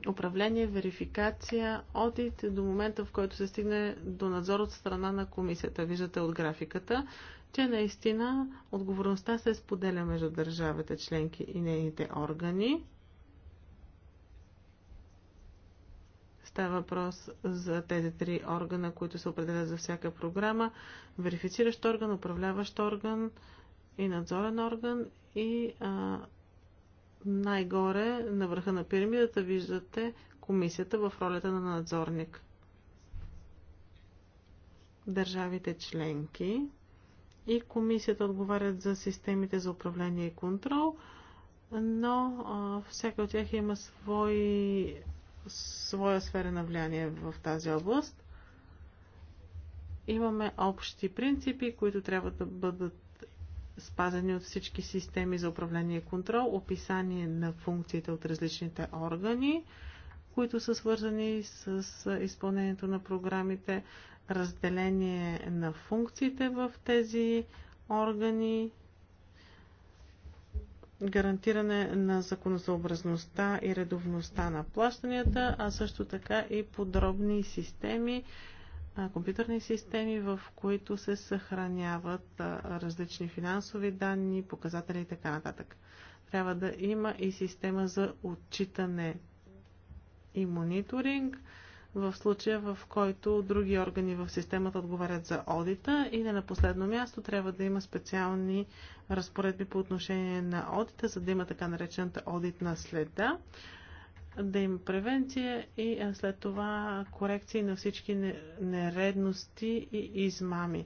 управление, верификация, одит до момента, в който се стигне до надзор от страна на комисията. Виждате от графиката, че наистина отговорността се споделя между държавите членки и нейните органи. Става въпрос за тези три органа, които се определят за всяка програма. Верифициращ орган, управляващ орган и надзорен орган. И най-горе, на върха на пирамидата, виждате комисията в ролята на надзорник. Държавите членки и комисията отговарят за системите за управление и контрол, но а, всяка от тях има свой, своя сфера на влияние в тази област. Имаме общи принципи, които трябва да бъдат спазени от всички системи за управление и контрол, описание на функциите от различните органи, които са свързани с изпълнението на програмите, разделение на функциите в тези органи, гарантиране на законосъобразността и редовността на плащанията, а също така и подробни системи, компютърни системи, в които се съхраняват различни финансови данни, показатели и така нататък. Трябва да има и система за отчитане и мониторинг, в случая, в който други органи в системата отговарят за одита и не на последно място трябва да има специални разпоредби по отношение на одита, за да има така наречената одитна следа, да има превенция и след това корекции на всички нередности и измами.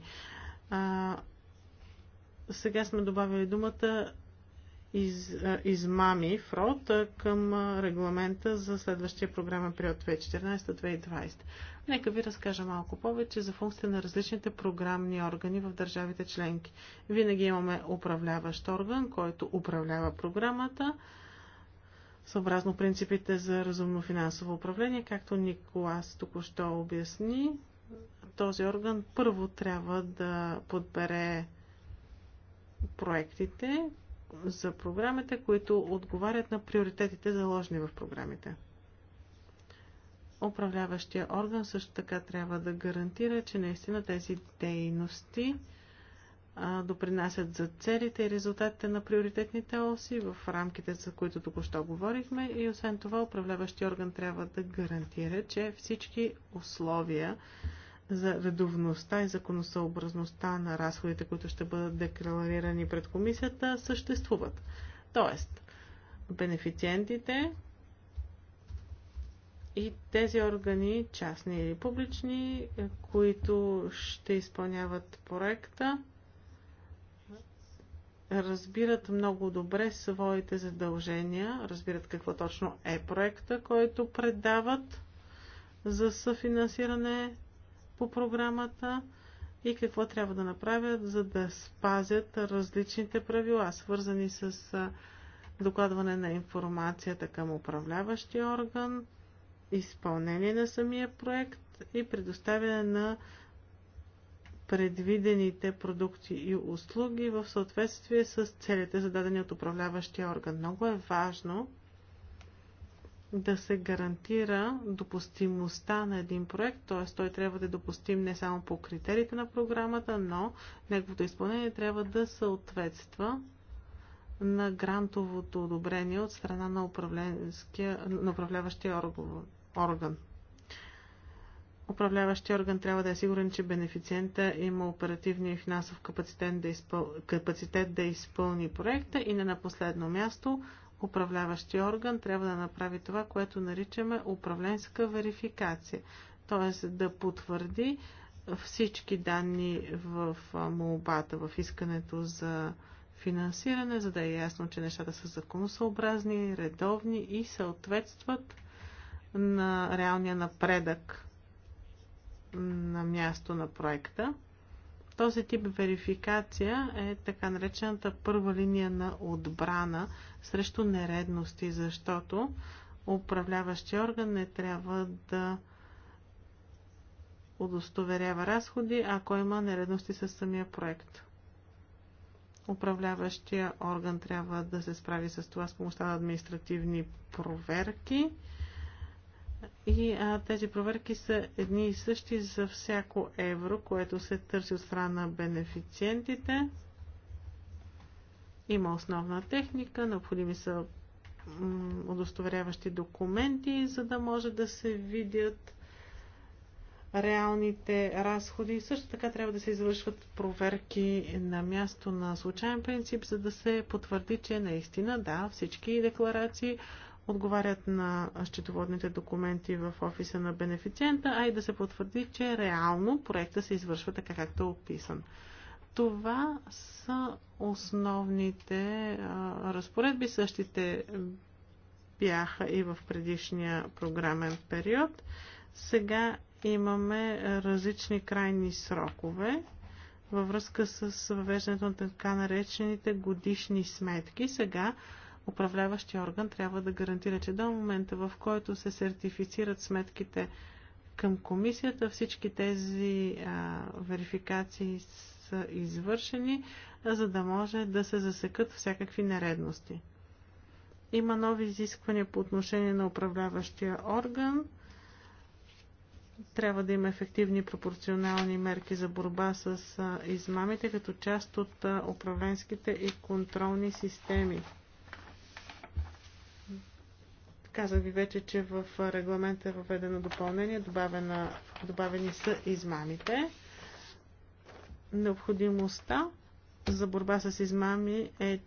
А, сега сме добавили думата из, измами, фрод към регламента за следващия програмен период 2014-2020. Нека ви разкажа малко повече за функция на различните програмни органи в държавите членки. Винаги имаме управляващ орган, който управлява програмата съобразно принципите за разумно финансово управление, както Николас току-що обясни. Този орган първо трябва да подбере проектите, за програмите, които отговарят на приоритетите заложени в програмите. Управляващия орган също така трябва да гарантира, че наистина тези дейности допринасят за целите и резултатите на приоритетните оси в рамките, за които току-що говорихме. И освен това, управляващия орган трябва да гарантира, че всички условия, за редовността и законосъобразността на разходите, които ще бъдат декларирани пред комисията, съществуват. Тоест, бенефициентите и тези органи, частни или публични, които ще изпълняват проекта, разбират много добре своите задължения, разбират какво точно е проекта, който предават за съфинансиране по програмата и какво трябва да направят, за да спазят различните правила, свързани с докладване на информацията към управляващия орган, изпълнение на самия проект и предоставяне на предвидените продукти и услуги в съответствие с целите зададени от управляващия орган. Много е важно да се гарантира допустимостта на един проект, т.е. той трябва да е допустим не само по критериите на програмата, но неговото изпълнение трябва да съответства на грантовото одобрение от страна на, на управляващия орган. Управляващия орган трябва да е сигурен, че бенефициента има оперативния и финансов капацитет да, изпъл... капацитет да изпълни проекта и не на последно място управляващия орган трябва да направи това, което наричаме управленска верификация. Т.е. да потвърди всички данни в молбата, в искането за финансиране, за да е ясно, че нещата са законосъобразни, редовни и съответстват на реалния напредък на място на проекта. Този тип верификация е така наречената първа линия на отбрана срещу нередности, защото управляващия орган не трябва да удостоверява разходи, ако има нередности с самия проект. Управляващия орган трябва да се справи с това с помощта на административни проверки. И а, тези проверки са едни и същи за всяко евро, което се търси от страна на бенефициентите. Има основна техника, необходими са удостоверяващи документи, за да може да се видят реалните разходи. Също така трябва да се извършват проверки на място на случайен принцип, за да се потвърди, че наистина, да, всички декларации отговарят на счетоводните документи в офиса на бенефициента, а и да се потвърди, че реално проекта се извършва така както е описан. Това са основните а, разпоредби. Същите бяха и в предишния програмен период. Сега имаме различни крайни срокове във връзка с въвеждането на така наречените годишни сметки. Сега управляващия орган трябва да гарантира, че до момента, в който се сертифицират сметките към комисията, всички тези а, верификации са извършени, за да може да се засекат всякакви нередности. Има нови изисквания по отношение на управляващия орган. Трябва да има ефективни пропорционални мерки за борба с измамите като част от управленските и контролни системи. Казах ви вече, че в регламента е въведено допълнение, добавена, добавени са измамите. Необходимостта за борба с измами е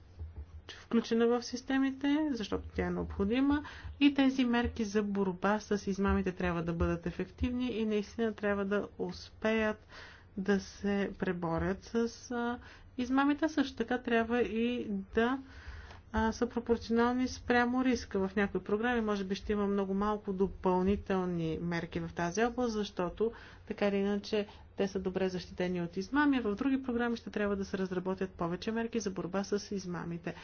включена в системите, защото тя е необходима и тези мерки за борба с измамите трябва да бъдат ефективни и наистина трябва да успеят да се преборят с измамите. Също така трябва и да са пропорционални спрямо риска. В някои програми може би ще има много малко допълнителни мерки в тази област, защото така или иначе те са добре защитени от измами, а в други програми ще трябва да се разработят повече мерки за борба с измамите.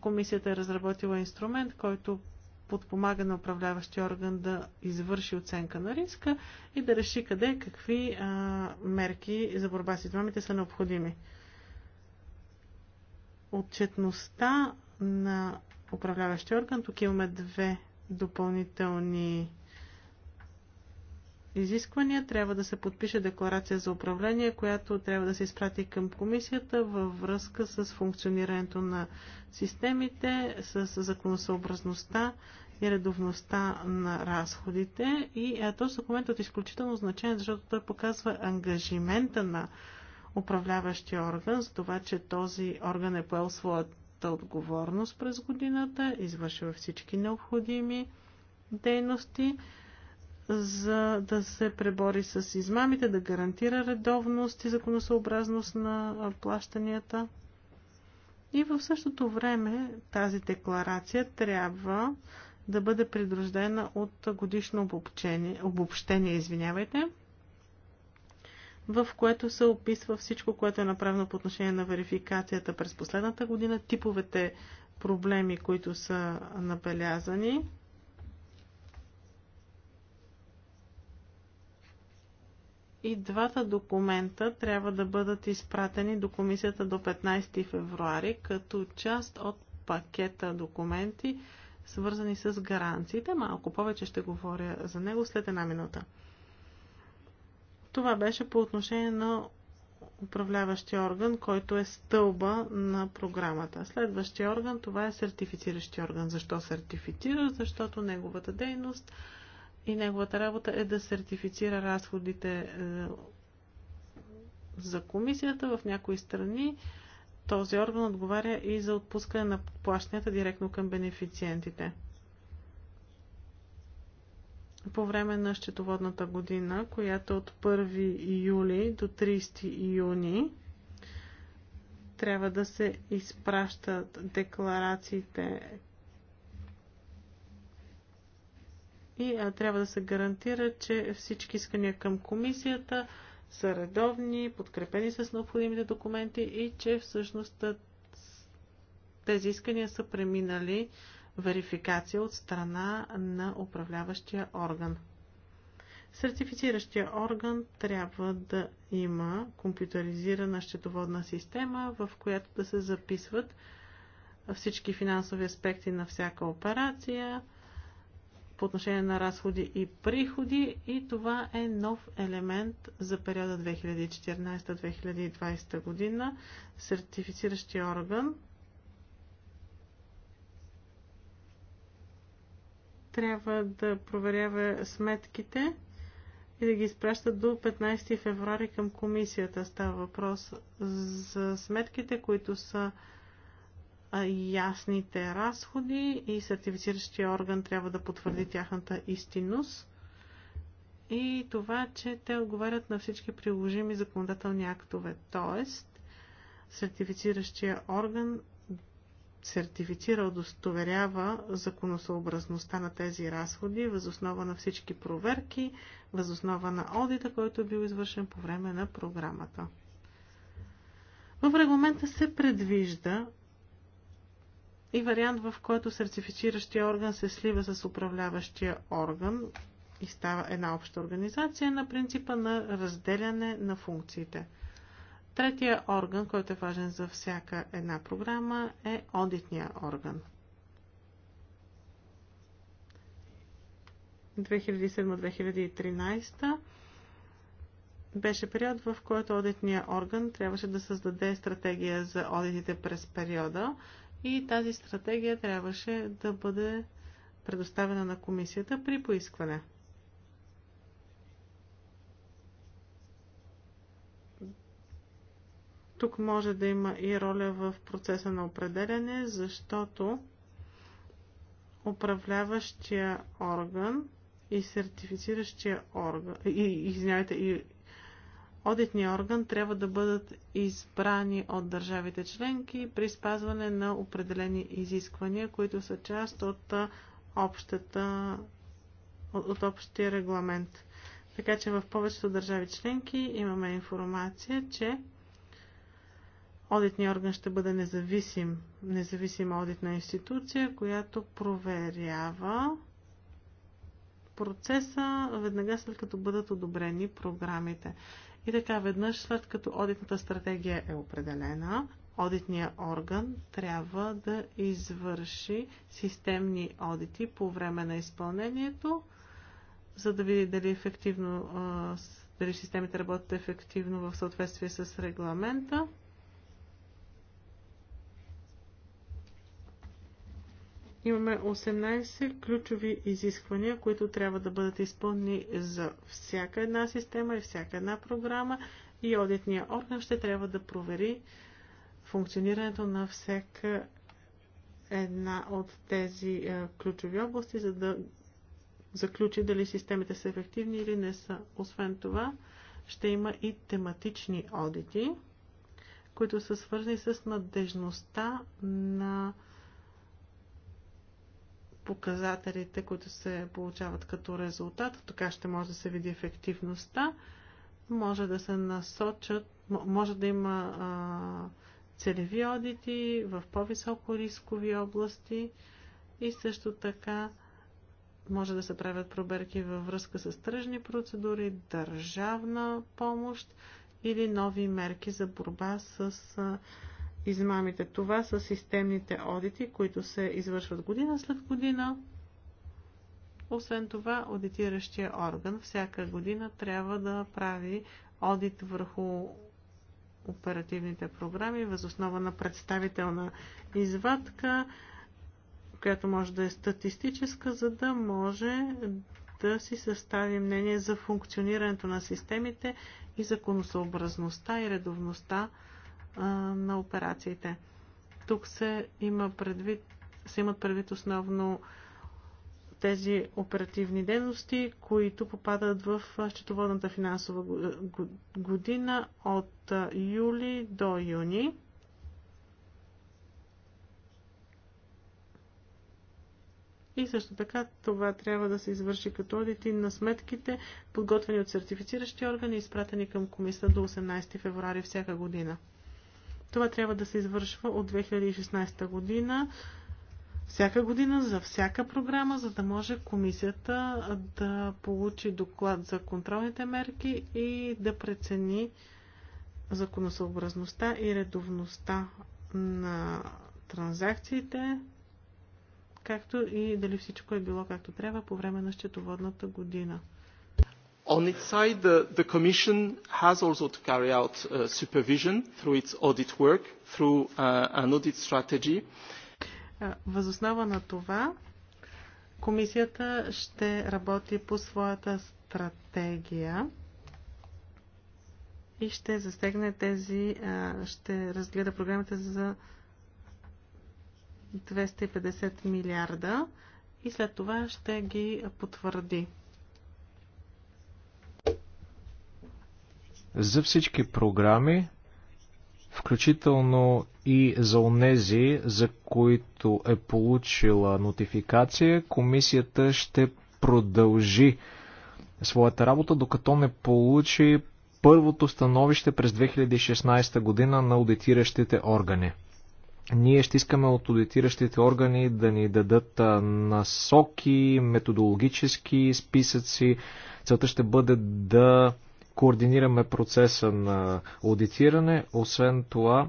Комисията е разработила инструмент, който подпомага на управляващия орган да извърши оценка на риска и да реши къде какви а, мерки за борба с измамите са необходими. Отчетността на управляващия орган. Тук имаме две допълнителни изисквания. Трябва да се подпише декларация за управление, която трябва да се изпрати към комисията във връзка с функционирането на системите, с законосъобразността и редовността на разходите. И е, този документ е от изключително значение, защото той показва ангажимента на управляващия орган за това, че този орган е поел своят своята отговорност през годината, извършва всички необходими дейности, за да се пребори с измамите, да гарантира редовност и законосъобразност на плащанията. И в същото време тази декларация трябва да бъде придружена от годишно обобщение, обобщение извинявайте, в което се описва всичко, което е направено по отношение на верификацията през последната година, типовете проблеми, които са набелязани. И двата документа трябва да бъдат изпратени до комисията до 15 февруари, като част от пакета документи, свързани с гаранциите. Малко повече ще говоря за него след една минута. Това беше по отношение на управляващия орган, който е стълба на програмата. Следващия орган, това е сертифициращия орган. Защо сертифицира? Защото неговата дейност и неговата работа е да сертифицира разходите е, за комисията в някои страни. Този орган отговаря и за отпускане на плащанията директно към бенефициентите по време на счетоводната година, която е от 1 юли до 30 юни трябва да се изпращат декларациите и а, трябва да се гарантира, че всички искания към комисията са редовни, подкрепени с необходимите документи и че всъщност тези искания са преминали верификация от страна на управляващия орган. Сертифициращия орган трябва да има компютъризирана счетоводна система, в която да се записват всички финансови аспекти на всяка операция по отношение на разходи и приходи и това е нов елемент за периода 2014-2020 година. Сертифициращия орган трябва да проверява сметките и да ги изпраща до 15 феврари към комисията. Става въпрос за сметките, които са ясните разходи и сертифициращия орган трябва да потвърди тяхната истинност и това, че те отговарят на всички приложими законодателни актове. Тоест, сертифициращия орган сертифицира, удостоверява законосъобразността на тези разходи, възоснова на всички проверки, възоснова на одита, който е бил извършен по време на програмата. В регламента се предвижда и вариант, в който сертифициращия орган се слива с управляващия орган и става една обща организация на принципа на разделяне на функциите – Третия орган, който е важен за всяка една програма, е одитния орган. 2007-2013 беше период, в който одитния орган трябваше да създаде стратегия за одитите през периода и тази стратегия трябваше да бъде предоставена на комисията при поискване. Тук може да има и роля в процеса на определене, защото управляващия орган и сертифициращия орган, и, извинявайте, и одитния орган трябва да бъдат избрани от държавите членки при спазване на определени изисквания, които са част от, общата, от, от общия регламент. Така че в повечето държави членки имаме информация, че Одитният орган ще бъде независим, независима одитна институция, която проверява процеса веднага след като бъдат одобрени програмите. И така, веднъж след като одитната стратегия е определена, одитният орган трябва да извърши системни одити по време на изпълнението, за да види дали ефективно дали системите работят ефективно в съответствие с регламента. Имаме 18 ключови изисквания, които трябва да бъдат изпълнени за всяка една система и всяка една програма и одитния орган ще трябва да провери функционирането на всяка една от тези е, ключови области, за да заключи дали системите са ефективни или не са. Освен това, ще има и тематични одити, които са свързани с надежността на показателите, които се получават като резултат. Така ще може да се види ефективността. Може да се насочат, може да има а, целеви одити в по-високо рискови области и също така може да се правят проверки във връзка с тръжни процедури, държавна помощ или нови мерки за борба с а, измамите. Това са системните одити, които се извършват година след година. Освен това, аудитиращия орган всяка година трябва да прави одит върху оперативните програми, възоснова на представителна извадка, която може да е статистическа, за да може да си състави мнение за функционирането на системите и законосъобразността и редовността а, на операциите. Тук се, има предвид, се имат предвид основно тези оперативни дейности, които попадат в счетоводната финансова година от юли до юни. И също така това трябва да се извърши като одити на сметките, подготвени от сертифициращи органи, изпратени към комисията до 18 февруари всяка година. Това трябва да се извършва от 2016 година, всяка година, за всяка програма, за да може комисията да получи доклад за контролните мерки и да прецени законосъобразността и редовността на транзакциите, както и дали всичко е било както трябва по време на счетоводната година. On its side, the, the Commission has also to carry out uh, supervision through its audit work, through uh, an audit strategy. Uh, възоснова на това, Комисията ще работи по своята стратегия и ще застегне тези, ще разгледа програмите за 250 милиарда и след това ще ги потвърди. за всички програми, включително и за онези, за които е получила нотификация, комисията ще продължи своята работа, докато не получи първото становище през 2016 година на аудитиращите органи. Ние ще искаме от аудитиращите органи да ни дадат насоки, методологически списъци. Целта ще бъде да координираме процеса на аудитиране. Освен това, е,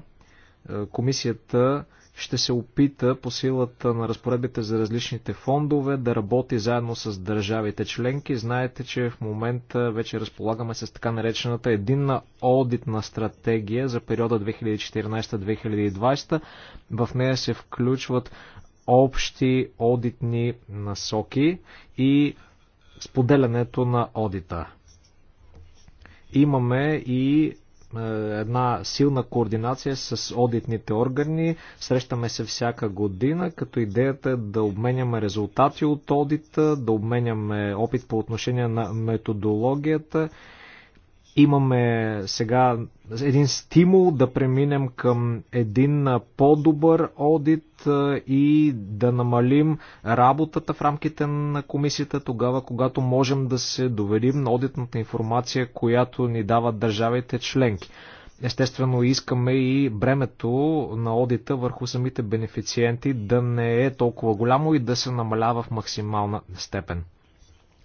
комисията ще се опита по силата на разпоредбите за различните фондове да работи заедно с държавите членки. Знаете, че в момента вече разполагаме с така наречената единна аудитна стратегия за периода 2014-2020. В нея се включват общи аудитни насоки и споделянето на одита. Имаме и е, една силна координация с одитните органи. Срещаме се всяка година, като идеята е да обменяме резултати от одита, да обменяме опит по отношение на методологията Имаме сега един стимул да преминем към един по-добър одит и да намалим работата в рамките на комисията тогава, когато можем да се доверим на одитната информация, която ни дават държавите членки. Естествено, искаме и бремето на одита върху самите бенефициенти да не е толкова голямо и да се намалява в максимална степен.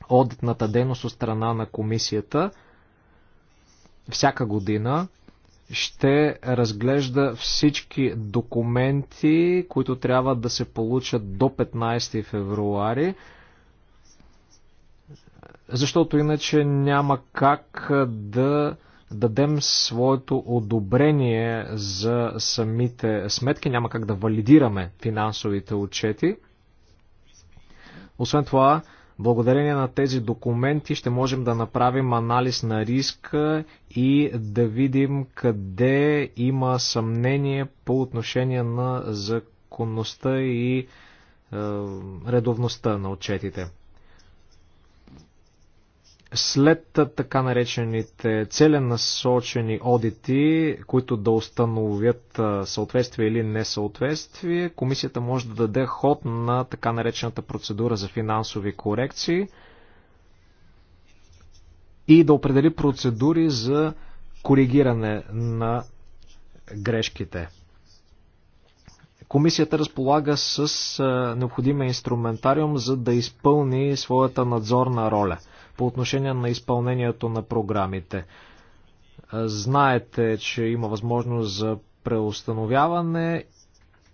Одитната дейност от страна на комисията – всяка година ще разглежда всички документи, които трябва да се получат до 15 февруари, защото иначе няма как да дадем своето одобрение за самите сметки, няма как да валидираме финансовите отчети. Освен това, Благодарение на тези документи ще можем да направим анализ на риска и да видим къде има съмнение по отношение на законността и е, редовността на отчетите след така наречените целенасочени одити, които да установят съответствие или несъответствие, комисията може да даде ход на така наречената процедура за финансови корекции и да определи процедури за коригиране на грешките. Комисията разполага с необходимия инструментариум, за да изпълни своята надзорна роля – по отношение на изпълнението на програмите. Знаете, че има възможност за преустановяване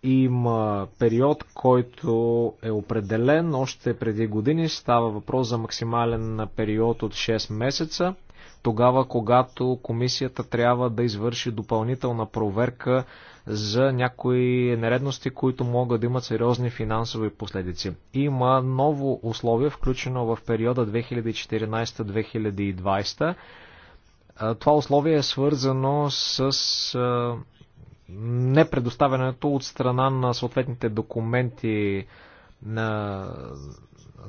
има период, който е определен още преди години. Става въпрос за максимален период от 6 месеца. Тогава, когато комисията трябва да извърши допълнителна проверка за някои нередности, които могат да имат сериозни финансови последици. Има ново условие, включено в периода 2014-2020. Това условие е свързано с непредоставянето от страна на съответните документи на,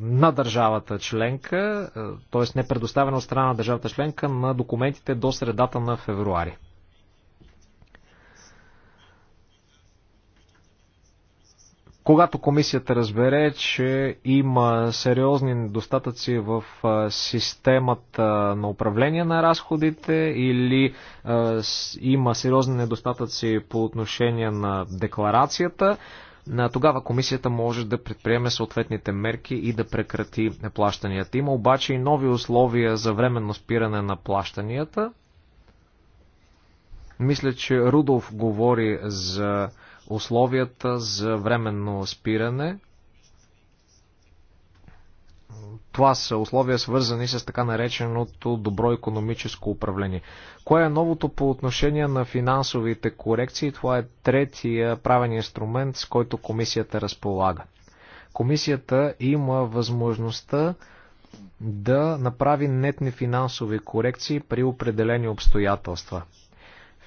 на държавата членка, т.е. непредоставяне от страна на държавата членка на документите до средата на февруари. Когато комисията разбере, че има сериозни недостатъци в системата на управление на разходите или има сериозни недостатъци по отношение на декларацията, тогава комисията може да предприеме съответните мерки и да прекрати плащанията. Има обаче и нови условия за временно спиране на плащанията. Мисля, че Рудов говори за условията за временно спиране. Това са условия свързани с така нареченото добро економическо управление. Кое е новото по отношение на финансовите корекции? Това е третия правен инструмент, с който комисията разполага. Комисията има възможността да направи нетни финансови корекции при определени обстоятелства.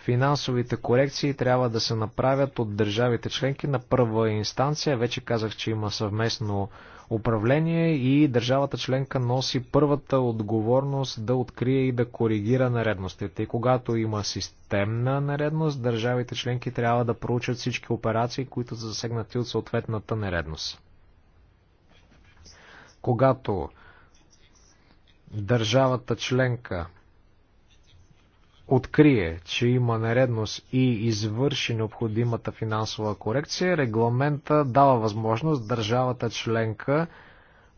Финансовите корекции трябва да се направят от държавите членки на първа инстанция. Вече казах, че има съвместно управление и държавата членка носи първата отговорност да открие и да коригира наредностите. И когато има системна наредност, държавите членки трябва да проучат всички операции, които са засегнати от съответната наредност. Когато държавата членка открие, че има нередност и извърши необходимата финансова корекция, регламента дава възможност държавата членка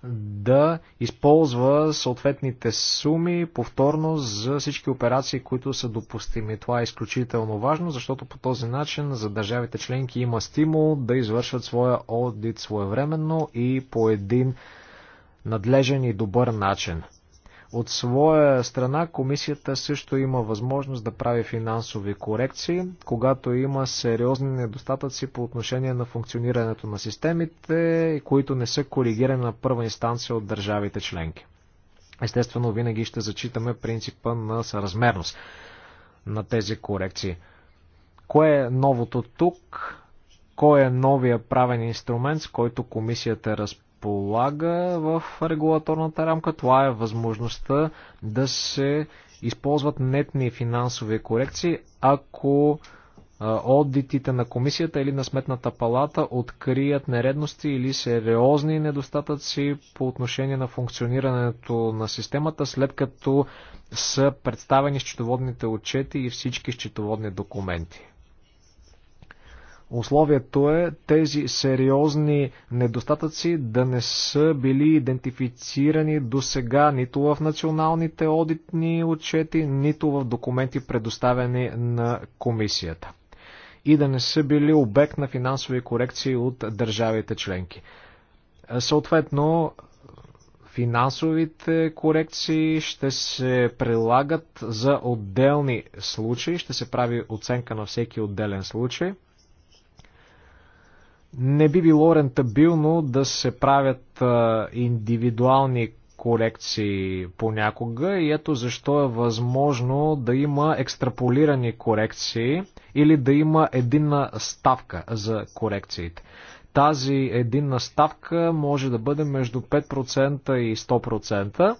да използва съответните суми повторно за всички операции, които са допустими. Това е изключително важно, защото по този начин за държавите членки има стимул да извършват своя одит своевременно и по един надлежен и добър начин. От своя страна комисията също има възможност да прави финансови корекции, когато има сериозни недостатъци по отношение на функционирането на системите, които не са коригирани на първа инстанция от държавите членки. Естествено, винаги ще зачитаме принципа на съразмерност на тези корекции. Кое е новото тук? Кой е новия правен инструмент, с който комисията разпределя? предполага в регулаторната рамка. Това е възможността да се използват нетни финансови корекции, ако одитите на комисията или на сметната палата открият нередности или сериозни недостатъци по отношение на функционирането на системата, след като са представени счетоводните отчети и всички счетоводни документи. Условието е тези сериозни недостатъци да не са били идентифицирани до сега нито в националните одитни отчети, нито в документи предоставени на комисията. И да не са били обект на финансови корекции от държавите членки. Съответно, финансовите корекции ще се прилагат за отделни случаи, ще се прави оценка на всеки отделен случай – не би било рентабилно да се правят индивидуални корекции понякога и ето защо е възможно да има екстраполирани корекции или да има единна ставка за корекциите. Тази единна ставка може да бъде между 5% и 100%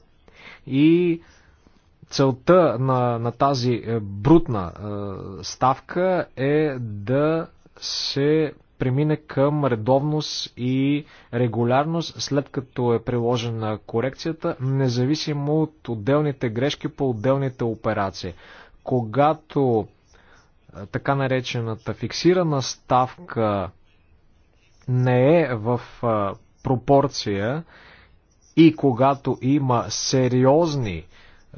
и целта на, на тази е, брутна е, ставка е да се премине към редовност и регулярност, след като е приложена корекцията, независимо от отделните грешки по отделните операции. Когато така наречената фиксирана ставка не е в пропорция и когато има сериозни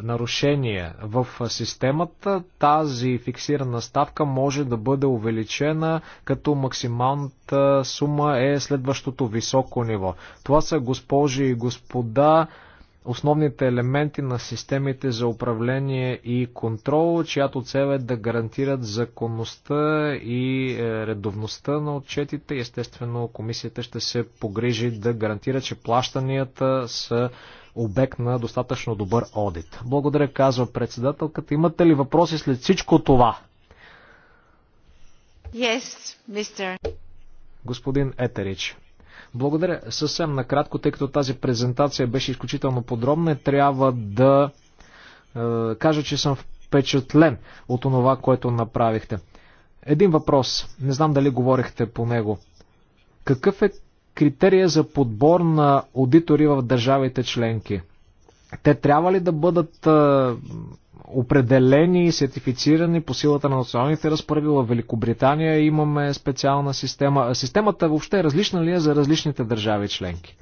нарушения в системата, тази фиксирана ставка може да бъде увеличена, като максималната сума е следващото високо ниво. Това са, госпожи и господа, основните елементи на системите за управление и контрол, чиято цел е да гарантират законността и е, редовността на отчетите. Естествено, комисията ще се погрижи да гарантира, че плащанията са обект на достатъчно добър одит. Благодаря, казва председателката. Имате ли въпроси след всичко това? Yes, мистер. Господин Етерич. Благодаря. Съвсем накратко, тъй като тази презентация беше изключително подробна, трябва да е, кажа, че съм впечатлен от това, което направихте. Един въпрос. Не знам дали говорихте по него. Какъв е критерия за подбор на аудитори в държавите членки? Те трябва ли да бъдат определени и сертифицирани по силата на националните разпоредби. В Великобритания имаме специална система. Системата въобще е различна ли е за различните държави членки?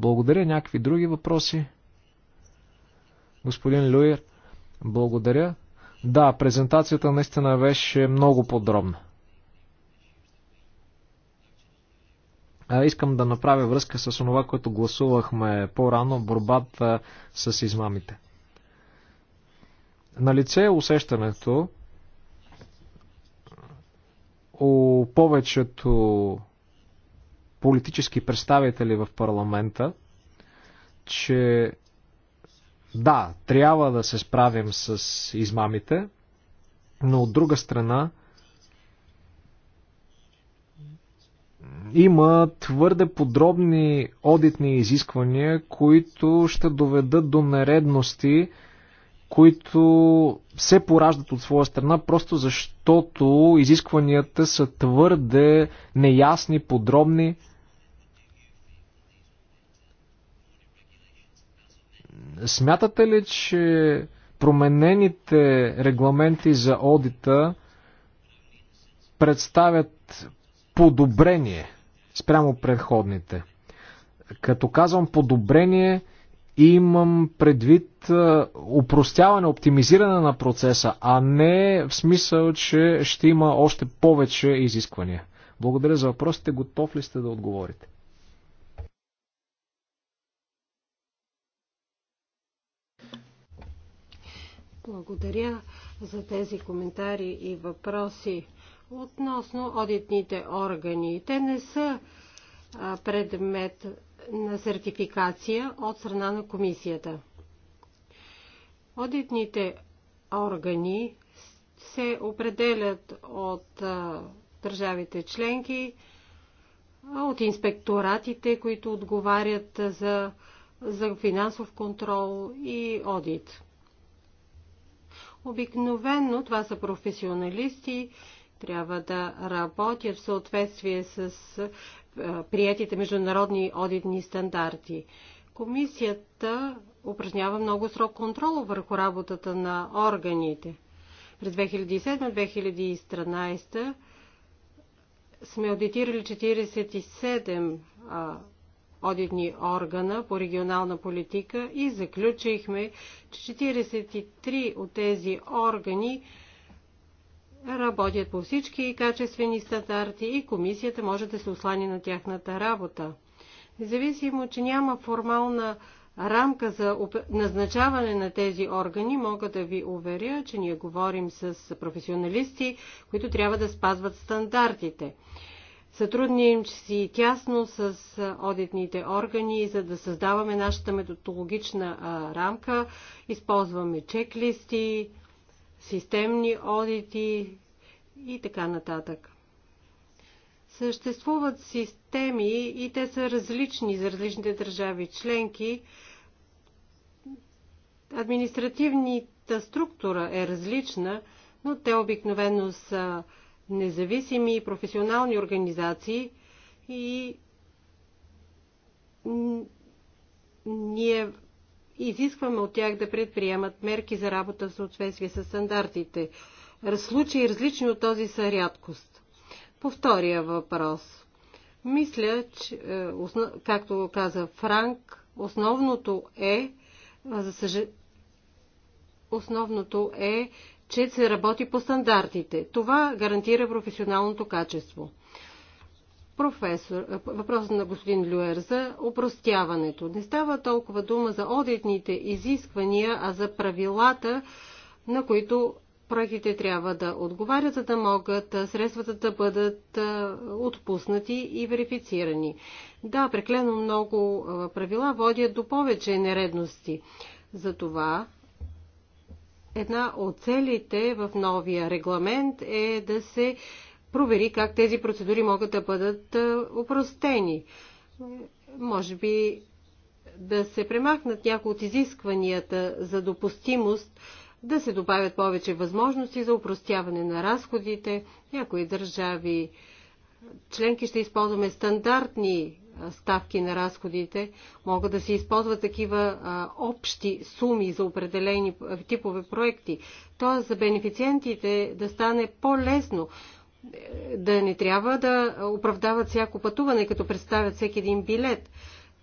Благодаря. Някакви други въпроси? Господин Люир, благодаря. Да, презентацията наистина беше много подробна. искам да направя връзка с това, което гласувахме по-рано борбата с измамите. На лице е усещането у повечето политически представители в парламента, че да, трябва да се справим с измамите, но от друга страна Има твърде подробни одитни изисквания, които ще доведат до нередности, които се пораждат от своя страна, просто защото изискванията са твърде неясни, подробни. Смятате ли, че променените регламенти за одита представят подобрение спрямо предходните. Като казвам подобрение, имам предвид е, упростяване, оптимизиране на процеса, а не в смисъл, че ще има още повече изисквания. Благодаря за въпросите. Готов ли сте да отговорите? Благодаря за тези коментари и въпроси. Относно одитните органи, те не са предмет на сертификация от страна на комисията. Одитните органи се определят от държавите членки, от инспекторатите, които отговарят за, за финансов контрол и одит. Обикновено това са професионалисти трябва да работят в съответствие с приятите международни одитни стандарти. Комисията упражнява много срок контрол върху работата на органите. През 2007-2013 сме аудитирали 47 а, одитни органа по регионална политика и заключихме, че 43 от тези органи работят по всички качествени стандарти и комисията може да се ослани на тяхната работа. Независимо, че няма формална рамка за назначаване на тези органи, мога да ви уверя, че ние говорим с професионалисти, които трябва да спазват стандартите. Сътрудним си тясно с одитните органи, за да създаваме нашата методологична рамка. Използваме чеклисти, системни одити и така нататък. Съществуват системи и те са различни за различните държави членки. Административната структура е различна, но те обикновено са независими професионални организации и ние изискваме от тях да предприемат мерки за работа в съответствие с стандартите. Случаи различни от този са рядкост. По втория въпрос. Мисля, че, е, както каза Франк, основното е, за съжал... основното е, че се работи по стандартите. Това гарантира професионалното качество професор, е, въпросът на господин Люер за опростяването. Не става толкова дума за одитните изисквания, а за правилата, на които проектите трябва да отговарят, за да могат е, средствата да бъдат е, отпуснати и верифицирани. Да, преклено много правила водят до повече нередности. Затова една от целите в новия регламент е да се провери как тези процедури могат да бъдат упростени. Може би да се премахнат някои от изискванията за допустимост, да се добавят повече възможности за упростяване на разходите. Някои държави членки ще използваме стандартни ставки на разходите. Могат да се използват такива а, общи суми за определени типове проекти. Тоест за бенефициентите да стане по-лесно да не трябва да оправдават всяко пътуване, като представят всеки един билет.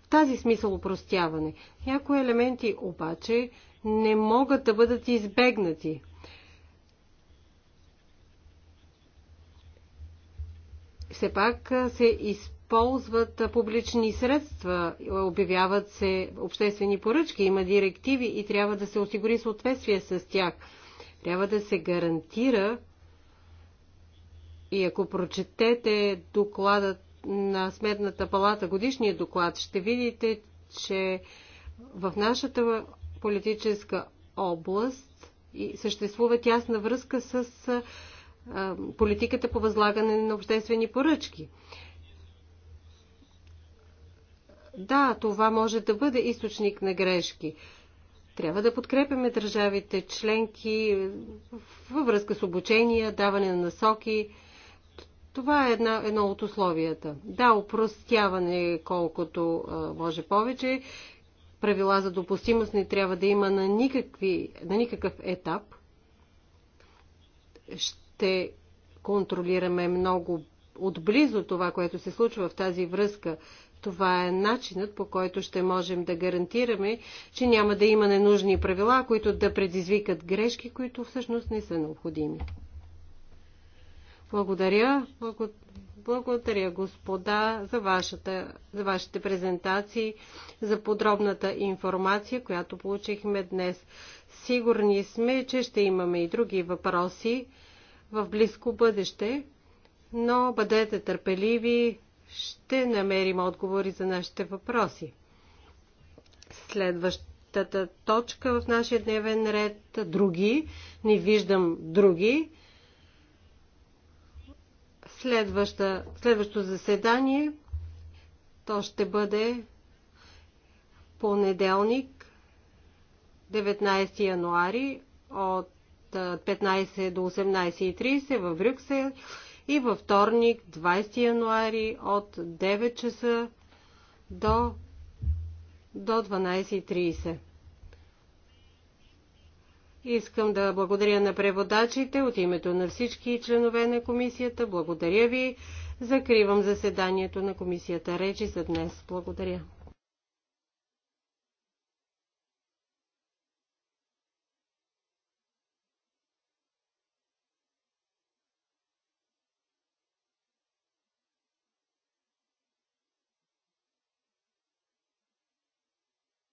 В тази смисъл упростяване. Някои елементи обаче не могат да бъдат избегнати. Все пак се използват публични средства, обявяват се обществени поръчки, има директиви и трябва да се осигури съответствие с тях. Трябва да се гарантира и ако прочетете докладът на Сметната палата, годишния доклад, ще видите, че в нашата политическа област съществува тясна връзка с политиката по възлагане на обществени поръчки. Да, това може да бъде източник на грешки. Трябва да подкрепяме държавите членки във връзка с обучение, даване на насоки, това е една, едно от условията. Да, упростяване колкото а, може повече. Правила за допустимост не трябва да има на, никакви, на никакъв етап. Ще контролираме много отблизо това, което се случва в тази връзка. Това е начинът, по който ще можем да гарантираме, че няма да има ненужни правила, които да предизвикат грешки, които всъщност не са необходими. Благодаря. Благодаря, господа, за, вашата, за вашите презентации, за подробната информация, която получихме днес. Сигурни сме, че ще имаме и други въпроси в близко бъдеще, но бъдете търпеливи, ще намерим отговори за нашите въпроси. Следващата точка в нашия дневен ред други. Не виждам други. Следваща, следващото заседание то ще бъде понеделник 19 януари от 15 до 18.30 в Брюксел и във вторник 20 януари от 9 часа до, до 12.30. Искам да благодаря на преводачите от името на всички членове на комисията. Благодаря ви. Закривам заседанието на комисията Речи за днес. Благодаря.